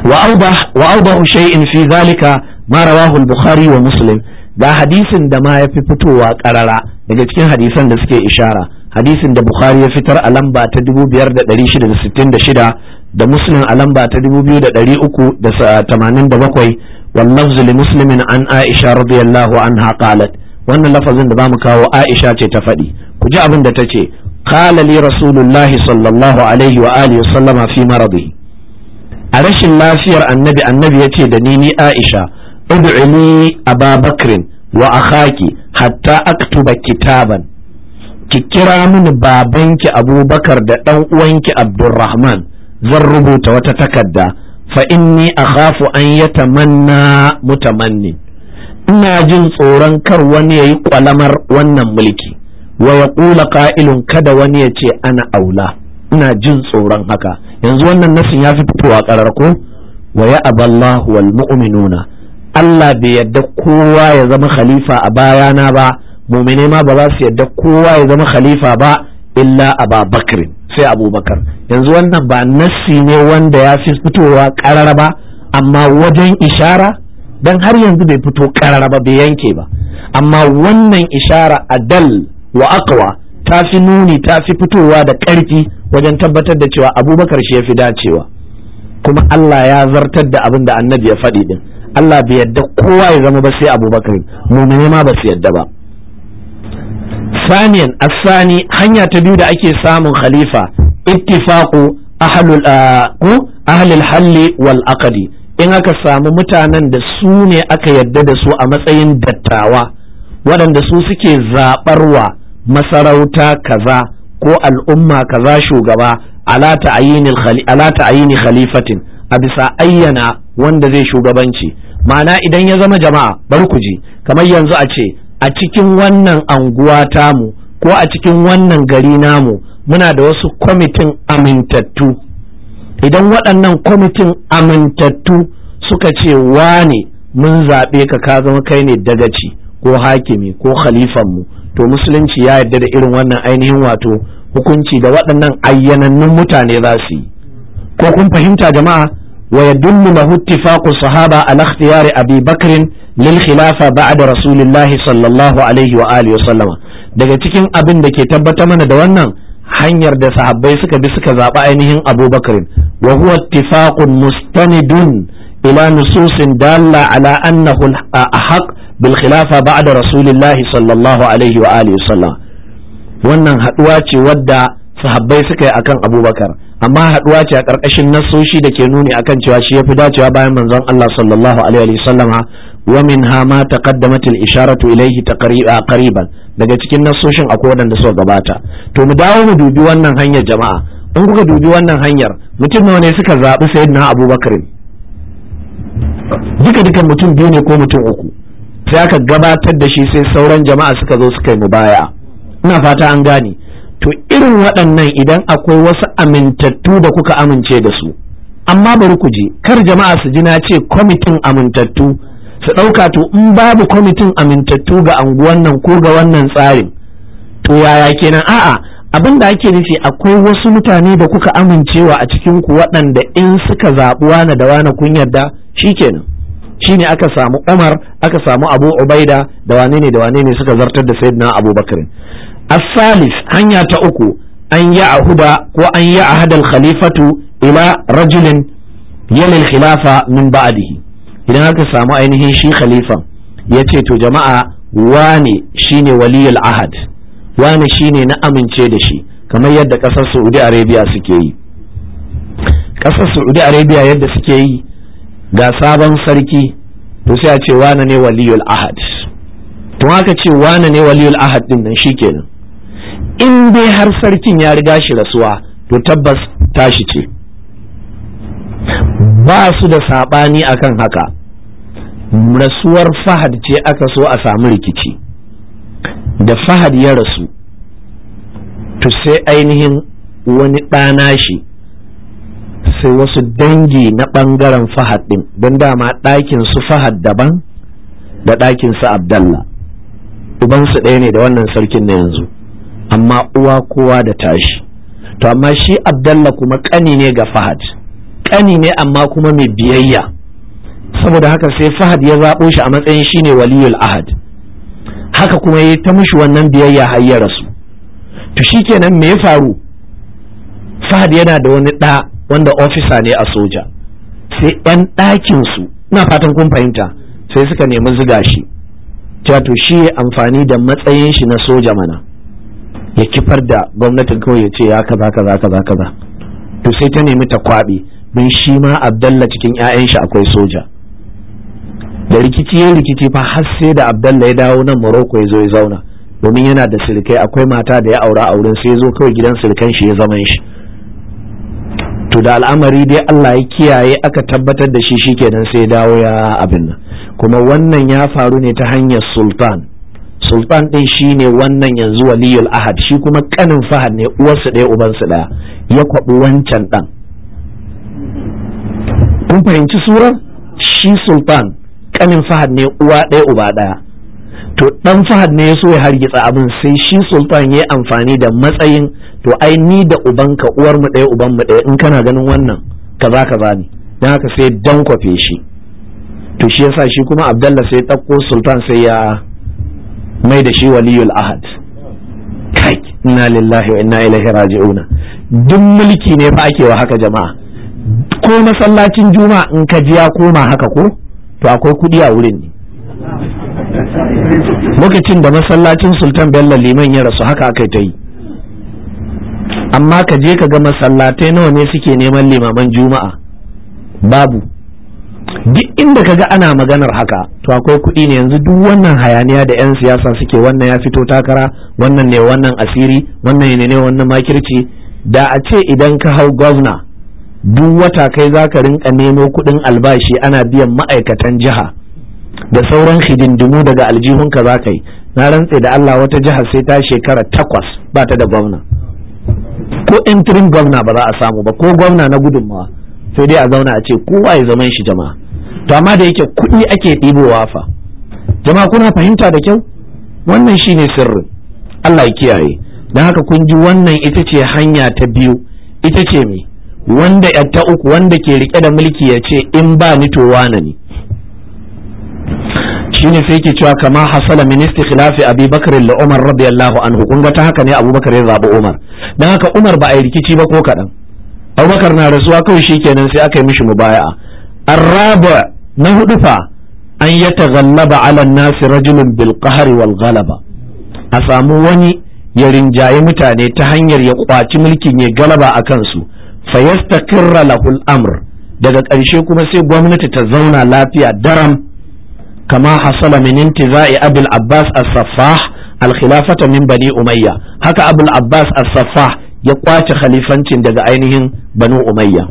wa auba wa shay'in fi zalika ma rawahu al-bukhari wa muslim ga hadisin da ma ya fi fitowa karara daga cikin hadisan da suke ishara hadisin da bukhari ya fitar a lamba ta 2666 da muslim a lamba ta 2387 واللفظ لمسلم عن عائشة رضي الله عنها قالت وأن لفظ دبامك عائشة تفدي كجاء من دتتي قال لي رسول الله صلى الله عليه وآله وسلم في مرضه أرش الله فير النبي النبي يتي دنيني عائشة ادعي لي أبا بكر وأخاك حتى أكتب كتابا ki kira mini babanki abubakar da ɗan uwanki abdulrahman zan rubuta wata takarda fa inni akhafu an yatamanna mutamanni ina jin tsoron kar wani yayi kwalamar wannan mulki Waya yaqula qa'ilun kada wani ya ce ana aula ina jin tsoron haka yanzu wannan nasin ya fi fitowa karar ko wa ya aballahu wal mu'minuna Allah bai yadda kowa ya zama khalifa a bayana ba Muminai ma ba za su yadda kowa ya zama khalifa ba illa aba bakrin sai abubakar yanzu wannan ba nassi ne wanda ya fi fitowa karara ba amma wajen ishara dan har yanzu bai fito karara ba bai yanke ba amma wannan ishara adal wa aqwa ta fi nuni ta fi fitowa da ƙarfi wajen tabbatar da cewa abubakar shi ya fi dacewa kuma Allah ya zartar da abin da annabi ya faɗi din Allah bai yadda kowa ya zama ba sai abubakar mu ma ba su yadda ba saniyan asani hanya ta biyu da ake samun khalifa ittifaqu ahlul ah, ku ahlul halli wal aqdi in aka samu mutanen da su ne aka yadda da su a matsayin dattawa waɗanda su suke zaɓarwa masarauta kaza ko al'umma kaza shugaba ala ta'ayini khalifatin a bisa ayyana wanda zai shugabanci ma'ana idan ya zama jama'a bari ku ji kamar yanzu a ce a cikin wannan anguwa tamu ko a cikin wannan gari namu muna da wasu kwamitin amintattu idan waɗannan kwamitin amintattu suka ce wane mun zaɓe ka ka zama kai ne dagaci ko hakimi ko mu, to musulunci ya yarda da irin wannan ainihin wato hukunci da waɗannan ayyanannun mutane za su yi ko kun fahimta jama'a ويدل له اتفاق الصحابة على اختيار أبي بكر للخلافة بعد رسول الله صلى الله عليه وآله وسلم daga cikin abin da ke tabbata mana da wannan hanyar da sahabbai suka bi suka zaɓa ainihin abubakar wa huwa ittifaqun mustanidun ila nususin dalla ala annahu ahaq bil khilafa ba'da rasulillah sallallahu alaihi wa alihi wasallam wannan haduwa ce wadda sahabbai suka yi akan abubakar amma haɗuwa ce a ƙarƙashin nasoshi da ke nuni akan cewa shi ya fi dacewa bayan manzon Allah sallallahu alaihi wa sallama wa ha ma taqaddamat al-isharatu ilayhi qariban daga cikin nasoshin akwai wanda suka gabata to mu dawo mu dubi wannan hanyar jama'a in kuka dubi wannan hanyar mutum nawa ne suka zaɓi sayyidina Abubakar duka dukan mutum biyu ne ko mutum uku sai aka gabatar da shi sai sauran jama'a suka zo suka yi mubaya ina fata an gane to irin waɗannan idan akwai wasu amintattu da kuka amince da su amma bari ku je kar jama'a su ji na ce kwamitin amintattu su ɗauka to in babu kwamitin amintattu ga anguwan nan ko ga wannan tsarin to yaya kenan a'a abin da ake nufi akwai wasu mutane da kuka amincewa a cikin ku waɗanda in suka zaɓi wani da wani kun yarda shikenan shine aka samu Umar aka samu Abu Ubaida da wane ne da wane ne suka zartar da Sayyidina abubakar asalis hanya ta uku an yi a huba ko an yi a hadal khalifatu ila rajulin yamin khilafa min ba'dihi idan haka samu ainihin shi khalifan ya ce to jama'a wane shine waliyul ahad wane shine na amince da shi kamar yadda ƙasar saudi arabia suke yi ƙasar saudi arabia yadda suke yi ga sabon sarki to sai ce wane ne waliyul ahad to haka ce wane ne waliyul ahad din nan shikenan in dai har sarkin ya riga shi rasuwa to tabbas tashi ce ba su da saɓani akan haka rasuwar fahad ce aka so a samu rikici da fahad ya rasu to sai ainihin wani ɗana shi sai wasu dangi na ɓangaren fahad ɗin don dama ɗakin su fahad daban da ɗakin su abdallah ɗaya ne da wannan sarkin na yanzu amma uwa kowa da tashi to amma shi abdalla kuma ƙani ne ga fahad ƙani ne amma kuma mai biyayya saboda haka sai fahad ya zaɓo shi a matsayin shi ne waliyul ahad haka kuma ya ta mushi wannan biyayya har ya rasu to shi kenan me ya faru fahad yana da wani ɗa wanda ofisa ne a soja sai 'yan ɗakinsu ina fatan kun fahimta sai suka nemi ziga shi to shi amfani da matsayin shi na soja mana ya kifar da gwamnatin kawai ya ce ya kaza kaza kaza kaza to sai ta nemi ta kwabe don shi ma abdalla cikin 'ya'yan shi akwai soja da rikici ya rikici fa har sai da abdalla ya dawo nan morocco ya zo ya zauna domin yana da sirikai akwai mata da ya aura a wurin sai ya zo kawai gidan sirikan shi ya zama shi to da al'amari dai Allah ya kiyaye aka tabbatar da shi shi shikenan sai ya dawo ya abin nan kuma wannan ya faru ne ta hanyar sultan sultan din ne wannan yanzu waliyul ahad shi kuma kanin fahad ne uwarsu ɗaya ubansu ɗaya ya kwaɓi wancan ɗan kun fahimci surar shi sultan kanin fahad ne uwa ɗaya uba ɗaya to ɗan fahad ne ya so ya hargitsa abin sai shi sultan ya amfani da matsayin to ai ni da ubanka uwar mu ɗaya uban mu ɗaya in kana ganin wannan kaza kaza ne don haka sai dan kwafe shi to shi yasa shi kuma abdallah sai ɗauko sultan sai ya mai da shi waliyul ahad kai inna lillahi wa inna ilaihi raji'una duk mulki ne fa ake wa haka jama'a ko masallacin juma'a in ka ji ya koma haka ko to akwai kudi a wurin ne lokacin da masallacin sultan bello liman ya rasu haka aka ta yi amma ka je ka ga masallatai nawa ne suke neman limaman juma'a babu duk inda ka ga ana maganar haka to akwai kuɗi ne yanzu duk wannan hayaniya da 'yan siyasa suke wannan ya fito takara wannan ne wannan asiri wannan ne ne wannan makirci da a ce idan ka hau gwamna duk wata kai za ka rinka nemo kuɗin albashi ana biyan ma'aikatan jiha da sauran hidindimu daga aljihunka za ka yi na rantse da Allah wata jihar sai ta shekara takwas ba ta da gwamna ko interim gwamna ba za a samu ba ko gwamna na gudunmawa sai dai a zauna a ce kowa ya zaman shi jama'a to amma da yake kuɗi ake ɗibowa fa jama'a kuna fahimta da kyau wannan shine sirrin Allah ya kiyaye don haka kun ji wannan ita ce hanya ta biyu ita ce me wanda ta uku wanda ke rike da mulki ya ce in ba ni to wane ne shine sai ke cewa kama hasala min Khilafi Abubakar Bakr da Umar radiyallahu anhu kun ta haka ne Abubakar Bakr ya zaɓi Umar dan haka Umar ba a yi rikici ba ko kaɗan. Abubakar na rasuwa kawai shi kenan sai aka yi mishi mubaya'a arraba na hudu fa an ya taghallaba ala nasi rajulun bil qahri a samu wani ya rinjaye mutane ta hanyar ya kwaci mulkin ya galaba a kansu fa yastaqirra lahul amr daga ƙarshe kuma sai gwamnati ta zauna lafiya daram kama hasala min intiza'i abul abbas as-saffah al-khilafata min bani umayya haka abul abbas as-saffah ya kwace khalifancin daga ainihin banu umayya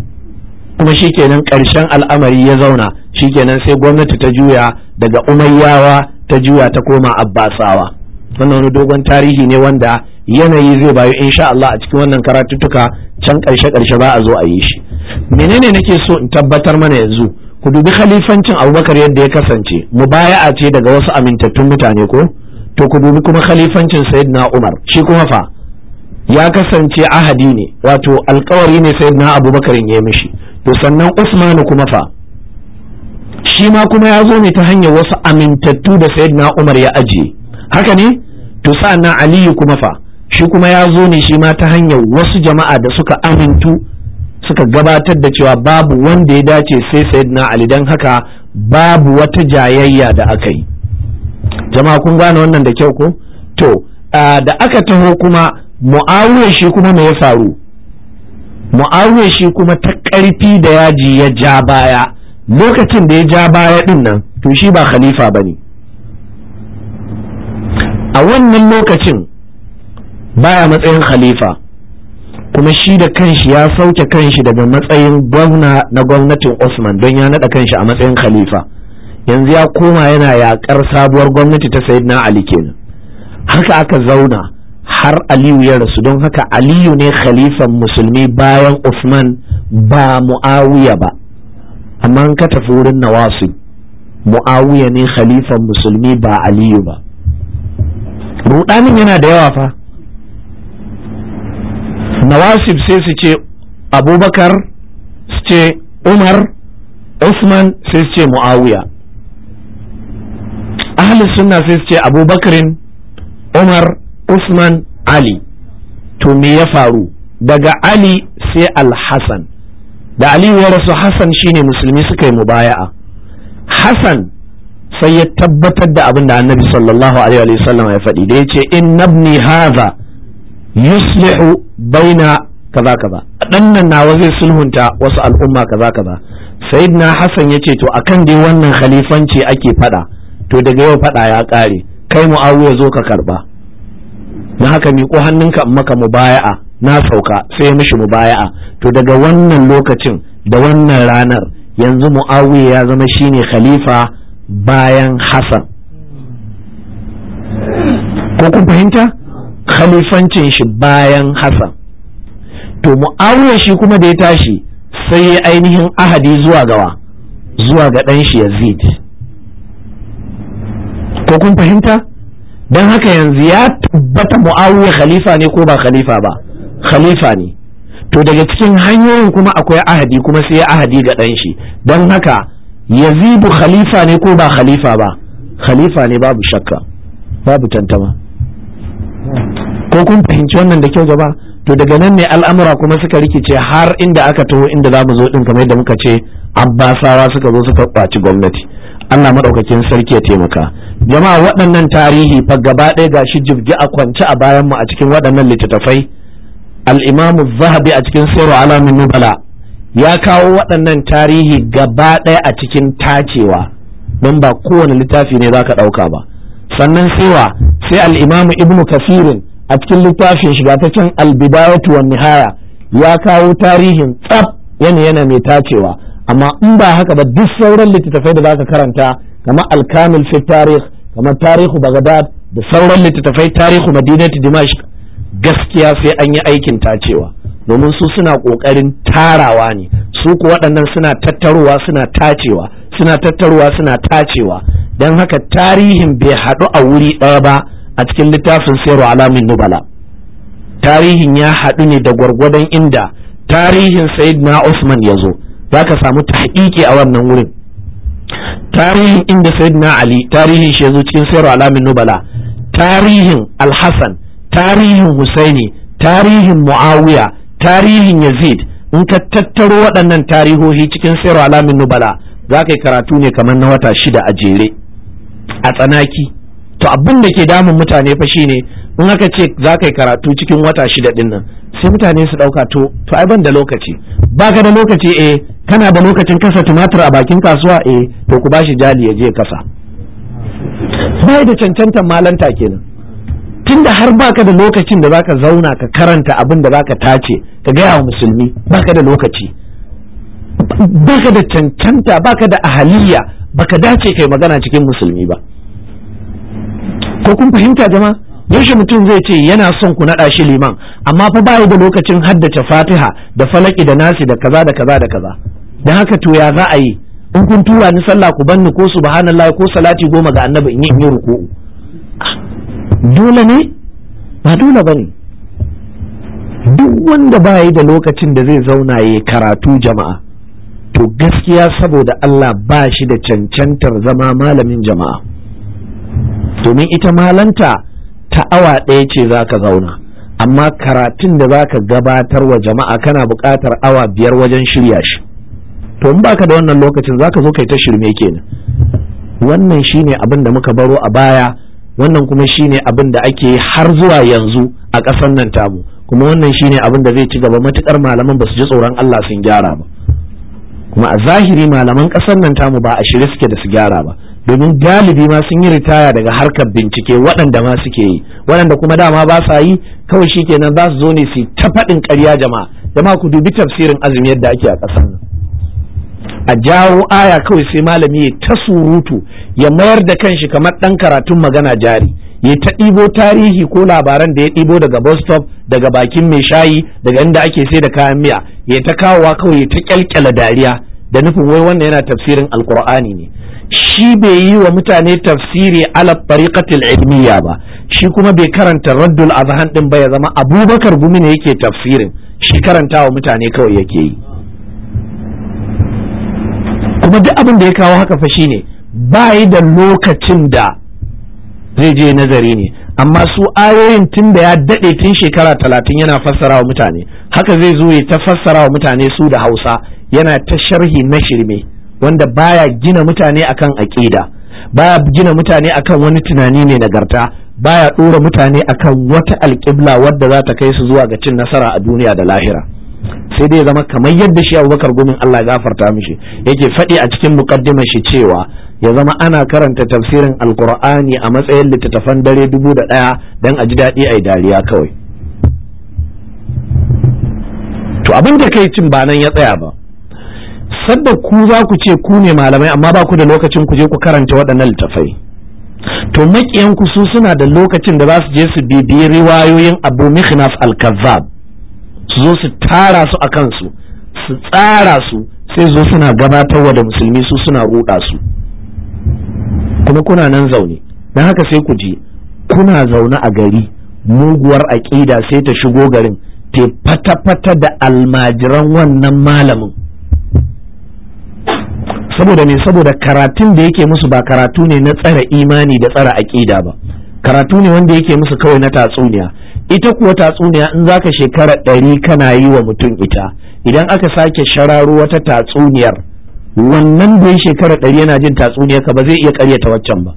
kuma shikenan ƙarshen al'amari ya zauna shikenan sai gwamnati ta juya daga umayyawa ta juya ta koma abbasawa wannan wani dogon tarihi ne wanda yanayi zai bayu sha Allah a cikin wannan karatuttuka can karshe-karshe ba a zo a yi shi menene nake so in tabbatar mana yanzu ku dubi khalifancin abubakar yadda ya kasance mu baya a ce daga wasu amintattun mutane ko to ku dubi kuma khalifancin sayyidina umar shi kuma fa ya kasance ahadi ne wato alkawari ne sayyidina abubakar ya mishi to sannan usmanu kuma fa shi ma kuma ya zo ne ta hanyar wasu amintattu da sayyidina umar ya ajiye haka ne to sannan aliyu kuma fa shi kuma ya zo ne shi ma ta hanyar wasu jama'a da suka amintu suka gabatar da cewa babu wanda ya dace sai sayyidina ali dan haka babu wata jayayya da aka yi jama'a kun gane wannan da kyau ko to da aka taho kuma mu'awiyar shi kuma me ya faru mu'awiya shi kuma ta ƙarfi da yaji ya ja baya lokacin da ya ja baya din nan to shi ba khalifa ba ne a wannan lokacin baya matsayin khalifa kuma shi da kanshi ya sauke kanshi daga matsayin gwamna na gwamnatin Osman don ya naɗa kanshi a matsayin khalifa yanzu ya koma yana yaƙar sabuwar gwamnati ta Sayyidina Ali kenan haka aka zauna har aliyu ya rasu don haka aliyu ne khalifan musulmi bayan Uthman ba mu'awiya ba amma ka tafi wurin nawasu mu'awiya ne khalifan musulmi ba aliyu ba rudanin yana da yawa fa nawasib sai su ce abubakar su ce umar usman sai su ce mu'awiya ahli sunna sai su ce abubakarin umar Usman Ali to me ya faru daga Ali sai Al-Hassan da Ali ya rasu Hassan shine musulmi suka yi mubaya'a Hassan sai ya tabbatar da abin da Annabi sallallahu alaihi wasallam ya faɗi da yace in ibni hadha yuslihu baina kaza kaza dan nan nawa zai sulhunta wasu al'umma kaza kaza sayyidina Hassan ya ce to akan dai wannan khalifanci ake faɗa to daga yau faɗa ya kare kai Muawiya zo ka karba Na haka miƙo hannunka maka mubaya'a na sauka sai ya mishi mubaya'a to daga wannan lokacin da wannan ranar yanzu mu'awiya ya zama shine khalifa bayan hasan ko kun fahimta khalifancin shi bayan hasan to mu'awiya shi kuma da ya tashi sai ya ainihin ahadi zuwa gawa zuwa ga ɗan shi yazid ko kun fahimta don haka yanzu ya tabbata mu'awiya khalifa ne ko ba khalifa ba khalifa ne to daga cikin hanyoyin kuma akwai ahadi kuma sai ya ahadi ga dan shi don haka yazibu khalifa ne ko ba khalifa ba khalifa ne babu shakka babu tantama ko kun fahimci wannan da kyau gaba to daga nan ne al'amura kuma suka rikice har inda aka taho inda za mu zo din kamar yadda muka ce abbasawa suka zo suka kwaci gwamnati Allah madaukakin sarki ya taimaka jama'a waɗannan tarihi fa gaba ɗaya ga shi jibgi a kwance a bayan mu a cikin waɗannan littattafai al-Imam zahabi a cikin Sirru Alamin Nubala ya kawo waɗannan tarihi gaba ɗaya a cikin tacewa don ba kowane littafi ne zaka ɗauka ba sannan sewa sai al-Imam Ibn Kafirin a cikin littafin shiga ta can al-Bidayatu wan Nihaya ya kawo tarihin tsaf yana yana mai tacewa amma in ba haka ba duk sauran littattafai da zaka karanta kamar alkamil fi tarikh kamar tarihu bagdad da sauran littattafai tarihu madinati dimashq gaskiya sai an yi aikin tacewa domin su suna kokarin tarawa ne su ku waɗannan suna tattaruwa suna tacewa suna tattarowa suna tacewa don haka tarihin bai haɗu a wuri ɗaya ba a cikin littafin sayarwa alamin nubala tarihin ya haɗu ne da gwargwadon inda tarihin Sayyidina usman ya zo za ka samu tahqiqi a wannan wurin tarihin inda sayyidina ali tarihin shi yazo cikin sayar alamin nubala tarihin alhassan tarihin husaini tarihin muawiya tarihin yazid in ka tattaro waɗannan tarihohi cikin sayar alamin nubala za ka yi karatu ne kamar na wata shida a jere a tsanaki to abin da ke damun mutane fa shine in aka ce za ka yi karatu cikin wata shida din nan sai mutane su ɗauka to to ai ban da lokaci Ba ka da lokaci eh kana da lokacin kasa tumatir a bakin kasuwa eh to ku bashi jali ya je kasa bai da cancantar malanta kenan tunda har ba ka da lokacin da zaka zauna ka karanta abin da zaka tace ka gaya wa musulmi ba ka da lokaci ba ka da cancanta ba ka da ahaliya ba ka dace kai magana cikin musulmi ba ko kun fahimta zama yaushe mutum zai ce yana son ku naɗa shi liman amma fa bai da lokacin haddace fatiha da falaki da nasi da kaza da kaza da kaza dan haka to ya za a yi in kun tura ni sallah ku banni ko subhanallah ko salati goma ga annabi in yi in yi ruku'u dole ne ba dole bane duk wanda ba da lokacin da zai zauna ya karatu jama'a to gaskiya saboda Allah ba shi da cancantar zama malamin jama'a domin ita malanta ta awa ɗaya ce za ka zauna amma karatun da za ka gabatar wa jama'a kana buƙatar awa biyar wajen shirya shi to in baka da wannan lokacin za ka zo kai ta shirme kenan wannan shine abin da muka baro a baya wannan kuma shine abin da ake har zuwa yanzu a ƙasar nan tamu kuma wannan shine abin da zai ci gaba matukar malaman ba su ji tsoron Allah sun gyara ba kuma a zahiri malaman ƙasar nan tamu ba a shirye suke da su gyara ba domin galibi ma sun yi ritaya daga harkar bincike waɗanda ma suke yi waɗanda kuma dama ba sa yi kawai shikenan za su zo ne su ta faɗin ƙarya jama'a jama'a ku dubi tafsirin azumi yadda ake a ƙasar nan a jawo aya kawai sai malami ya ta surutu ya mayar da kanshi kamar ɗan karatun magana jari ya ta ɗibo tarihi ko labaran da ya ɗibo daga bus stop daga bakin mai shayi daga inda ake sai da kayan miya ya ta kawowa kawai ya ta kyalkyala dariya da nufin wai wannan yana tafsirin alkur'ani ne shi bai yi wa mutane tafsiri ala tariqatil ilmiya ba shi kuma bai karanta raddul azhan din ba ya zama abubakar gumi ne yake tafsirin shi karanta wa mutane kawai yake yi kuma duk abin da ya kawo haka fa shine ba yi da lokacin da zai je nazari ne amma su ayoyin tun da ya dade tun shekara talatin yana fassara wa mutane haka zai zo ya ta fassara wa mutane su da hausa yana ta sharhi na shirme wanda baya gina mutane akan aƙida baya gina mutane akan wani tunani mai nagarta baya ɗora mutane akan wata alƙibla wadda za ta kai su zuwa ga cin nasara a duniya da lahira sai dai zama kamar yadda shi abubakar gumin Allah ya gafarta mishi yake faɗi a cikin mukaddimar shi cewa ya zama ana karanta tafsirin alkur'ani a matsayin littattafan dare dubu da ɗaya don a ji daɗi a dariya kawai to abin da kai cin ba nan ya tsaya ba sadda ku za ku ce ku ne malamai amma ba ku da lokacin ku je ku karanta waɗannan littafai to ku su suna da lokacin da za su je su bibiyi riwayoyin abu mihnaf al-kazzab su zo su tara su a kansu su tsara su sai zo suna gabatarwa da musulmi su suna ruɗa su kuma kuna nan zaune don haka sai ku je kuna zaune a gari muguwar aƙida sai ta shigo garin te fata-fata da almajiran wannan malamin saboda me saboda karatun da yake musu ba karatu ne na tsara imani da tsara aƙida ba karatu ne wanda yake musu kawai na tatsuniya ita kuwa tatsuniya in zaka shekara ɗari kana yi wa mutum ita idan aka sake shararo wata tatsuniyar wannan da ya shekara ɗari yana jin tatsuniyar ka ba zai iya ƙaryata waccan ba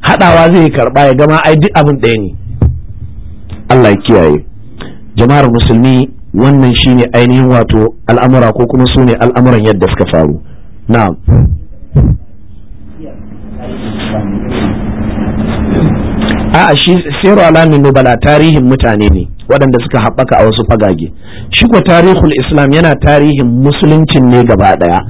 haɗawa zai yi karɓa ya gama ai duk abin ɗaya ne Allah ya kiyaye jama'ar musulmi wannan shine ainihin wato al'amura ko kuma su ne al'amuran yadda suka faru na'am a'a shi siru no nubala tarihin mutane ne waɗanda suka haɓaka a wasu fagage shi ko tarihul islam yana tarihin musuluncin ne gaba ɗaya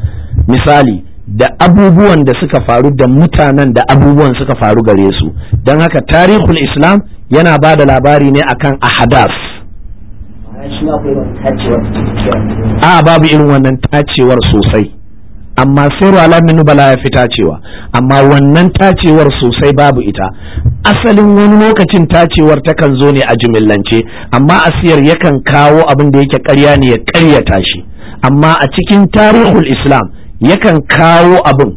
misali da abubuwan da suka faru da mutanen da abubuwan suka faru gare su don haka tarihul islam yana ba da labari ne akan ahadas a babu irin wannan tacewar sosai amma sirru alamin nubala ya fi tacewa amma wannan tacewar sosai babu ita asalin wani lokacin tacewar takan zo ne a jimillance amma a siyar yakan kawo abin da yake karya ne ya karyata shi amma a cikin tarihul islam yakan kawo abin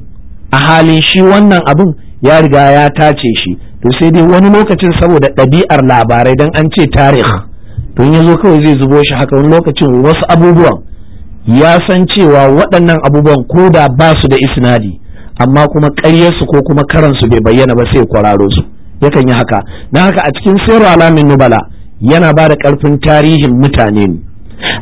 a halin shi wannan abin ya riga ya tace shi to sai dai wani lokacin saboda ɗabi'ar labarai don an ce tarih don ya zo kawai zai zubo shi haka wani lokacin wasu abubuwan ya san cewa waɗannan abubuwan ko da ba su da isnadi amma kuma ƙaryarsu ko kuma karansu bai bayyana ba sai kwararo su yakan yi haka na haka a cikin sirru alamin nubala yana ba da ƙarfin tarihin mutane ne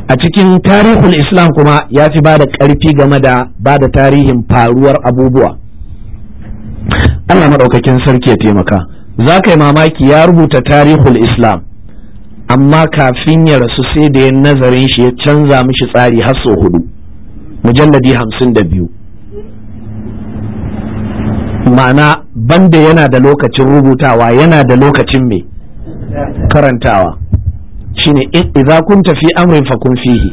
a cikin tarihul islam kuma ya fi ba da ƙarfi game da ba da tarihin faruwar abubuwa allah maɗaukakin sarki ya taimaka za ka yi mamaki ya rubuta tarihul islam amma kafin ya rasu sai da ya nazarin shi ya canza mishi tsari har sau hudu mujalladi hamsin da biyu ma'ana banda yana da lokacin rubutawa yana da lokacin mai karantawa shine idza kun tafi amrin fa kun fihi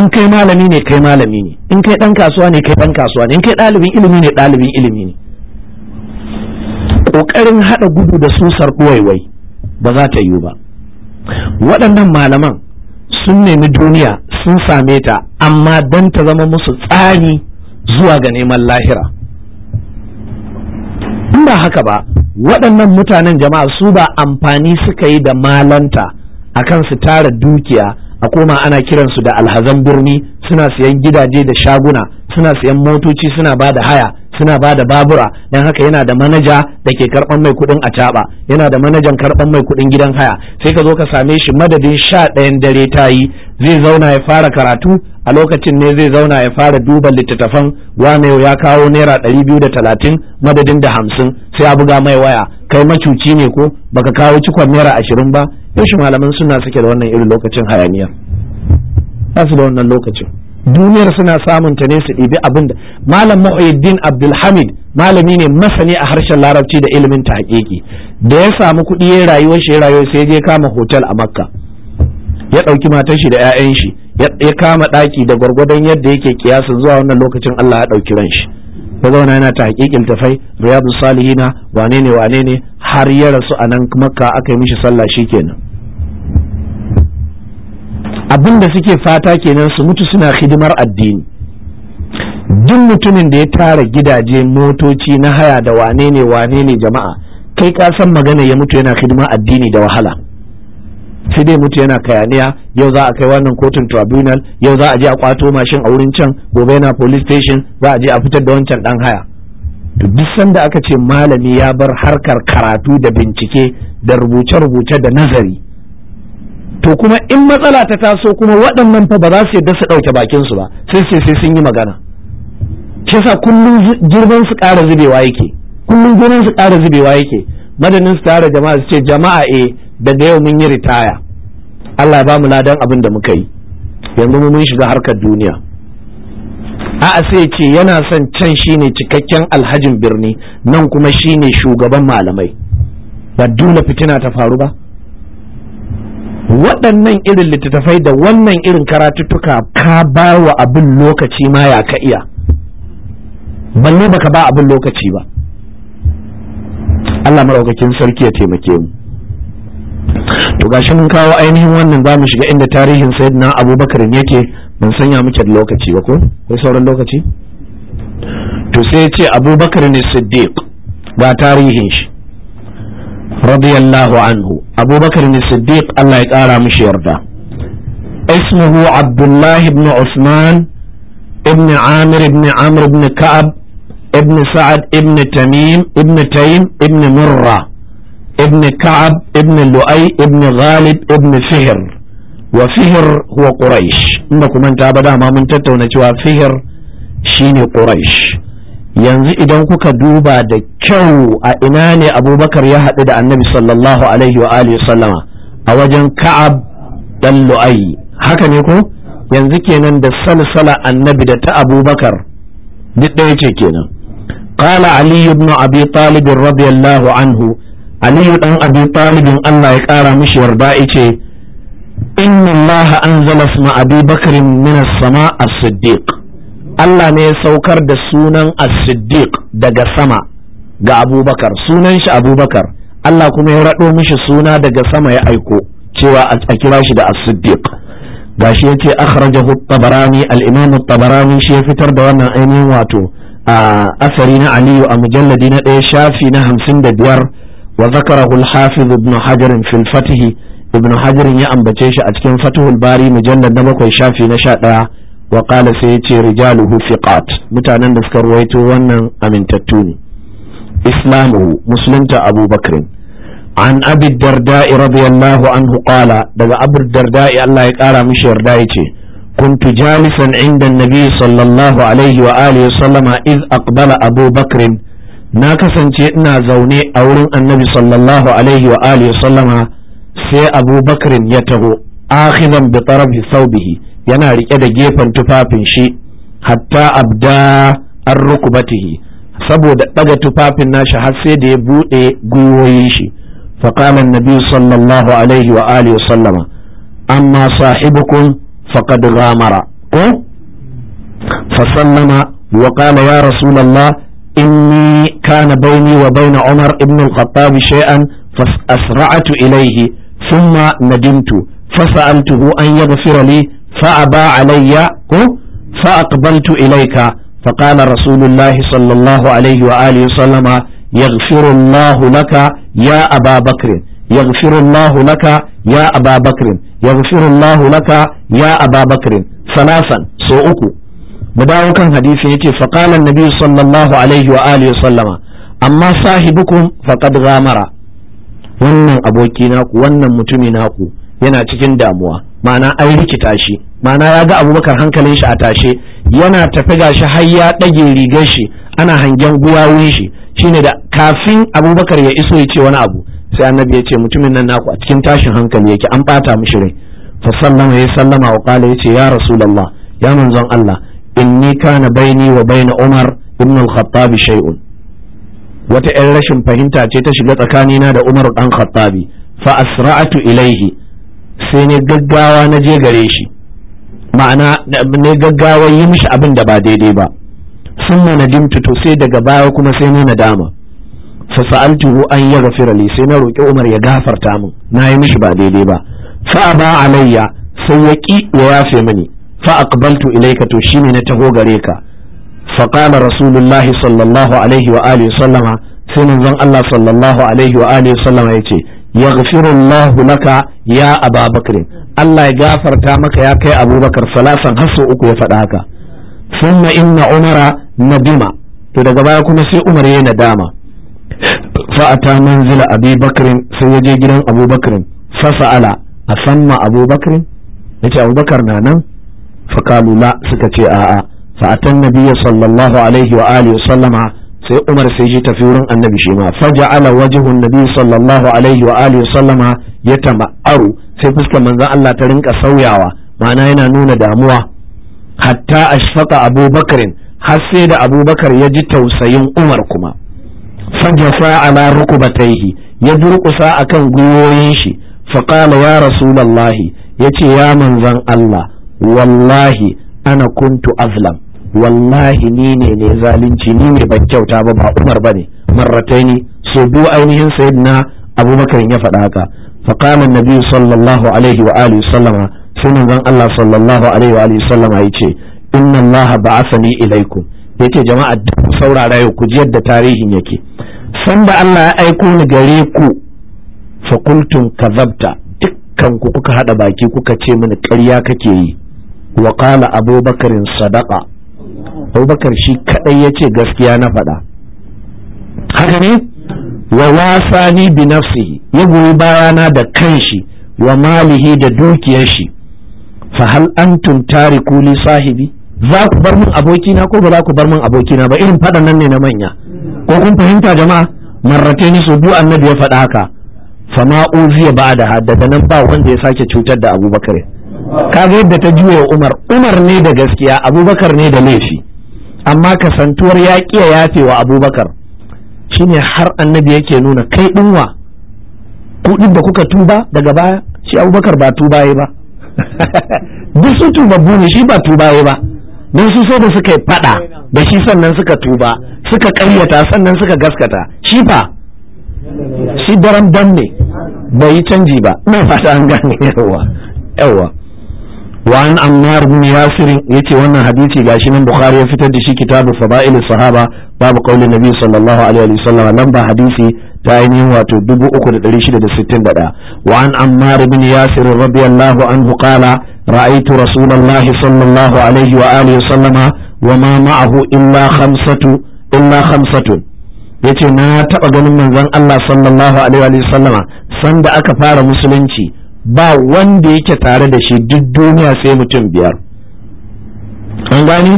in kai malami ne kai malami ne in kai dan kasuwa ne kai dan kasuwa ne in kai dalibin ilimi ne dalibin ilimi ne kokarin hada gudu da susar ɗuwaiwai ba za ta yiwu ba waɗannan malaman sun nemi duniya sun same ta amma don ta zama musu tsari zuwa ga neman lahira in ba haka ba waɗannan mutanen jama'a su ba amfani suka yi da malanta akan su tara dukiya a koma ana kiransu da alhazan birni suna siyan gidaje da shaguna suna siyan motoci suna ba da haya suna ba da babura don haka yana da manaja da ke karban mai kudin a caɓa, yana da manajan karban mai kudin gidan haya sai ka zo ka same shi madadin sha ɗayan dare ta yi zai zauna ya fara karatu a lokacin ne zai zauna ya fara duba littattafan wane ya kawo naira ɗari biyu da talatin madadin da hamsin sai a buga mai waya kai macuci ne ko baka kawo cikon naira ashirin ba yaushe malaman suna suke da wannan irin lokacin hayaniya ba su da wannan lokacin duniyar suna samun ta ne su ɗibi abin da malam mu'ayyidin abdulhamid malami ne masani a harshen larabci da ilimin ta da ya samu kuɗi ya rayuwar shi ya rayuwar sai je kama hotel a makka ya ɗauki matar shi da 'ya'yan shi ya kama ɗaki da gwargwadon yadda yake kiyasin zuwa wannan lokacin Allah ya ɗauki ran shi ya zauna yana ta hakikin tafai riyadu salihina wane ne wane ne har ya rasu a nan makka aka yi mishi sallah shi kenan. abin da suke fata kenan su mutu suna hidimar addini duk mutumin da ya tara gidaje motoci na haya da wane ne wane ne jama'a kai ka san magana ya mutu yana hidimar addini da wahala sai dai mutu yana kayaniya yau za a kai wannan kotun tribunal yau za a je a kwato mashin a wurin can gobe yana police station za a je a fitar da wancan dan haya to duk sanda aka ce malami ya bar harkar karatu da bincike da rubuce-rubuce da nazari to kuma in matsala ta taso kuma waɗannan fa ba za su yadda su ɗauke bakin su ba sai sai sai sun yi magana shi yasa kullum girman su ƙara zubewa yake kullum girman su ƙara zubewa yake madadin su tare jama'a su ce jama'a e daga yau mun yi ritaya Allah ya ba mu ladan abin da muka yi yanzu mu mun shiga harkar duniya a'a sai ce yana son can shine cikakken alhajin birni nan kuma shine shugaban malamai ba dole fitina ta faru ba waɗannan irin littattafai da wannan irin karatuttuka ka ba wa abin lokaci ma ya ka iya balle baka ba abin lokaci ba Allah maraukakin sarki ya taimake mu to gashi mun kawo ainihin wannan za mu shiga inda tarihin sayyidina abubakar yake mun sanya muke lokaci ba ko kai sauran lokaci to sai ya ce abubakar ne siddiq ba tarihin shi رضي الله عنه أبو بكر بن الصديق الله يقارى مشير ده اسمه عبد الله بن عثمان ابن عامر ابن عامر بن كعب ابن سعد ابن تميم ابن تيم ابن مرة ابن كعب ابن لؤي ابن غالب ابن فهر وفهر هو قريش انكم انت ابدا ما من ونجوا فهر شيني قريش yanzu idan kuka duba da kyau a ina ne abubakar ya haɗu da annabi sallallahu alaihi wa alihi sallama a wajen ka'ab dan Lu'ai, haka ne ko yanzu kenan da salsala annabi da ta abubakar duk ɗaya ce kenan qala ali ibn abi talib radiyallahu anhu ali dan abi talib Allah ya kara mishi yarda yace inna allaha anzala isma abi bakr min sama as-siddiq Allah ne ya saukar da sunan as-siddiq daga sama ga abubakar sunan shi abubakar Allah kuma ya raɗo mishi suna daga sama ya aiko cewa a kira shi da as-siddiq gashi yace akhrajahu at-tabarani al-imam at-tabarani shi ya fitar da wannan ainihin wato a asari na aliyu a mujalladi na ɗaya shafi na hamsin da biyar wa zakarahu al-hafiz ibn hajar fil fatih ibn hajar ya ambace shi a cikin fatihul bari mujallad na bakwai shafi na sha ɗaya wa qala sai yace rijaluhu thiqat mutanen da suka ruwaito wannan amintattu ne islamuhu musulunta abubakar an abi darda radiyallahu anhu qala daga abu darda Allah ya kara mishi yarda yace كنت جالسا عند النبي صلى الله عليه وآله وسلم إذ أقبل أبو بكر ناكسا جئنا زوني أورن النبي صلى الله عليه وآله وسلم سي أبو بكر يتغو آخذا بطرف ثوبه yana riƙe da gefen tufafin shi hatta abda an rukubatihi saboda ɗaga tufafin nashi har sai da ya buɗe gwiwoyin shi faƙalan nabi sallallahu alaihi wa alihi sallama amma sahibukum faqad ghamara ko fa sallama wa qala ya rasulullah inni kana baini wa baina umar ibn al-khattab shay'an suma ilayhi thumma nadimtu فسألته an يغفر لي فأبى علي فأقبلت إليك فقال رسول الله صلى الله عليه وآله وسلم يغفر الله لك يا أبا بكر يغفر الله لك يا أبا بكر يغفر الله لك يا أبا بكر ثلاثا سوءكو مداو كان حديث يتي فقال النبي صلى الله عليه وآله وسلم أما صاحبكم فقد غامر wannan aboki naku wannan mutumi naku yana cikin damuwa ma'ana an rikita shi ma'ana ya ga abubakar hankalin shi a tashe yana tafi ga shi har ya ɗage rigar shi ana hangen guwawun shi shine da kafin abubakar ya iso ya ce wani abu sai annabi ya ce mutumin nan naku a cikin tashin hankali yake an ɓata mishi rai fa sallama ya sallama wa qala yace ya rasulullah ya manzon Allah in inni kana baini wa baina umar ibn al-khattab shay'un wata 'yan rashin fahimta ce ta shiga tsakanina da umar dan khattabi fa asra'atu ilaihi sai ne gaggawa na je gare shi ma'ana ne gaggawa yi mishi abin da ba daidai ba sun na nadimtu to sai daga baya kuma sai ne nadama fa sa'altuhu an yaghfira li sai na roƙi Umar ya gafarta min na yi mishi ba daidai ba fa ba alayya sai ya ki ya yafe mini fa aqbaltu ilayka to shine na taho gare ka fa qala rasulullahi sallallahu alaihi wa alihi sallama sai manzon Allah sallallahu alaihi wa alihi sallama yace yaghfirullahu laka ya Aba Allah ya gafarta maka ya kai Abubakar salasan har uku ya faɗa haka thumma inna Umara nadima to daga baya kuma sai Umar ya nadama fa ata manzila Abi Bakr sai ya je gidan Abubakar fa sa'ala asamma Abubakar yace Abubakar na nan fa kalu la suka ce a'a fa atan nabiyya sallallahu alaihi wa alihi wa sallama sai umar sai ji tafi wurin annabi shi ma ala wajhun nabi sallallahu alaihi wa alihi sallama ya tama'aru sai fuskar manzon Allah ta rinka sauyawa ma'ana yana nuna damuwa hatta ashfaqa abubakarin har sai da abubakar ya ji tausayin umar kuma fajasa ala rukubataihi ya durƙusa akan gwiwoyin shi faqala ya rasulullahi yace ya manzon Allah wallahi ana kuntu azlam wallahi ni ne ne zalunci ni ne ban kyauta ba ba Umar bane marrataini so biyu ainihin sayyidina Abubakar ya faɗa haka fa qala nabi sallallahu alaihi wa alihi sallama sai manzon Allah sallallahu alaihi wa alihi sallama yace inna Allah ba'athani ilaikum yace jama'a duk saurara yau ku ji yadda tarihin yake san da Allah ya aiko ni gare ku fa qultum kadhabta dukkan ku kuka hada baki kuka ce mini ƙarya kake yi wa qala abubakarin sadaqa abubakar shi kadai ya ce gaskiya na faɗa haka ne wa wasani bi nafsihi ya goyi bayana da kanshi wa malihi da dukiyar shi fa hal antum tariku li sahibi za ku bar min abokina ko ba za ku bar min abokina ba irin faɗan nan ne na manya ko kun fahimta jama'a ni su biyu annabi ya faɗa haka ma uziya ba da da nan ba wanda ya sake cutar da abubakar kaga yadda ta juya umar umar ne da gaskiya abubakar ne da laifi amma kasantuwar ya ya yafe wa abubakar shine har annabi yake nuna kai ɗinwa kuɗin da kuka tuba daga baya shi abubakar ba ya ba duk su tuba ne shi ba ya ba don su so da suka faɗa fada da shi sannan suka tuba suka karyata sannan suka gaskata shi fa shi daram dan ne bai yi canji ba na fata an gane yawa yawa وعن عمار بن ياسر يتي وانا حديثي غاشي من بخاري يفتر دي شي كتاب فضائل الصحابة باب قول النبي صلى الله عليه وسلم لمبا حديثي تايني واتو دبو اكد دليشد دي ستين بدا وعن عمار بن ياسر رضي الله عنه قال رأيت رسول الله صلى الله عليه وآله وسلم وما معه إلا خمسة إلا خمسة yace na taɓa ganin manzon Allah sallallahu alaihi wa sallama sanda aka fara musulunci ba wanda yake tare da shi duk duniya sai mutum biyar an gani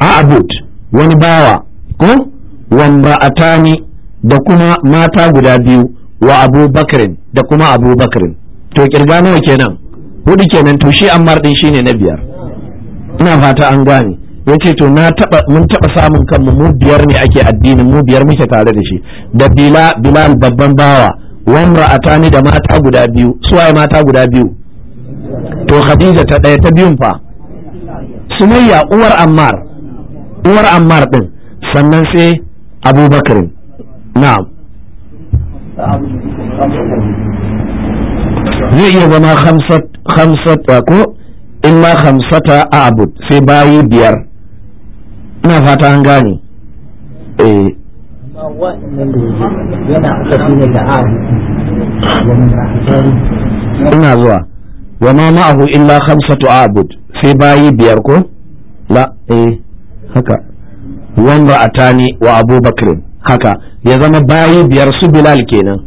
a abud wani bawa ko wanda atani da kuma mata guda biyu wa Abu abubakarin da kuma Abu abubakarin to kirga nawa kenan hudu kenan to shi ammar shi shine na biyar ina fata an gani. yace to na taba mun taba samun kanmu mu biyar ne ake addinin mu biyar muke tare da shi da bila bilal babban bawa wa ni da mata guda biyu suwaye mata guda biyu to khadija ta ɗaya ta biyun fa sumayya uwar ammar uwar ammar din sannan sai abubakar na'am zai iya zama hamsata ko in ma hamsata a abu sai bayi biyar ina fata an gane eh ina zuwa wa ma ma'ahu illa khamsatu abud sai bayi biyar ko la eh haka wan ra'atani wa abubakar haka ya zama bayi biyar su bilal kenan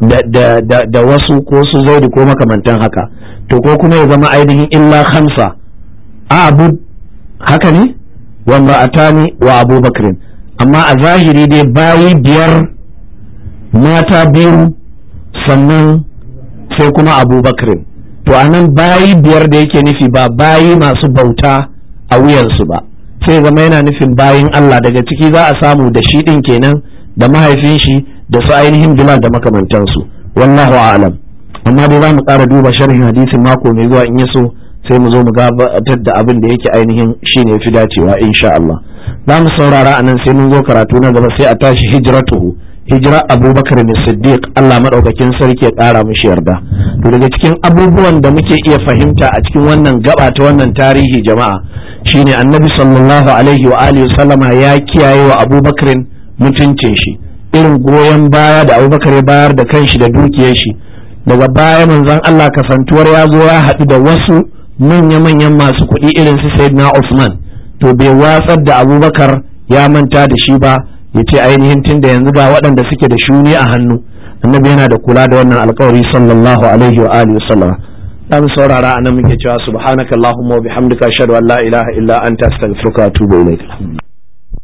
da da da, da wasu ko su zaudi ko makamantan haka to ko kuma ya zama ainihin illa khamsa abud haka ne wan ra'atani wa abubakar amma a zahiri dai bayi biyar mata biyu sannan sai kuma abubakar to a nan bayi biyar da yake nufi ba bayi masu bauta a wuyansu ba sai zama yana nufin bayin Allah daga ciki za a samu da shi ɗin kenan da mahaifin shi da su ainihin bilal da makamantansu wallahu a'lam amma dai za mu ƙara duba sharhin hadisin mako mai zuwa in ya so sai mu zo mu gabatar da abin da yake ainihin shine fi dacewa insha Allah za mu saurara a nan sai mun zo karatu na gaba sai a tashi hijratuhu hijira abubakar ne siddiq allah maɗaukakin sarki ya ƙara mishi yarda to daga cikin abubuwan da muke iya fahimta a cikin wannan gaba ta wannan tarihi jama'a shine annabi sallallahu alaihi wa alihi sallama ya kiyaye wa abubakar mutuncin shi irin goyon baya da abubakar ya bayar da kanshi da dukiyar shi daga baya manzon allah kasantuwar ya zo ya haɗu da wasu manya-manyan masu kuɗi irin su sayyidina usman to bai watsar da abubakar ya manta da shi ba ya ce ainihin tun da yanzu ga waɗanda suke da shuni a hannu annabi yana da kula da wannan alkawari sallallahu alaihi wa alihi wasallam dan saurara anan muke cewa subhanakallahumma wa bihamdika ashhadu an la ilaha illa anta astaghfiruka wa atubu ilaik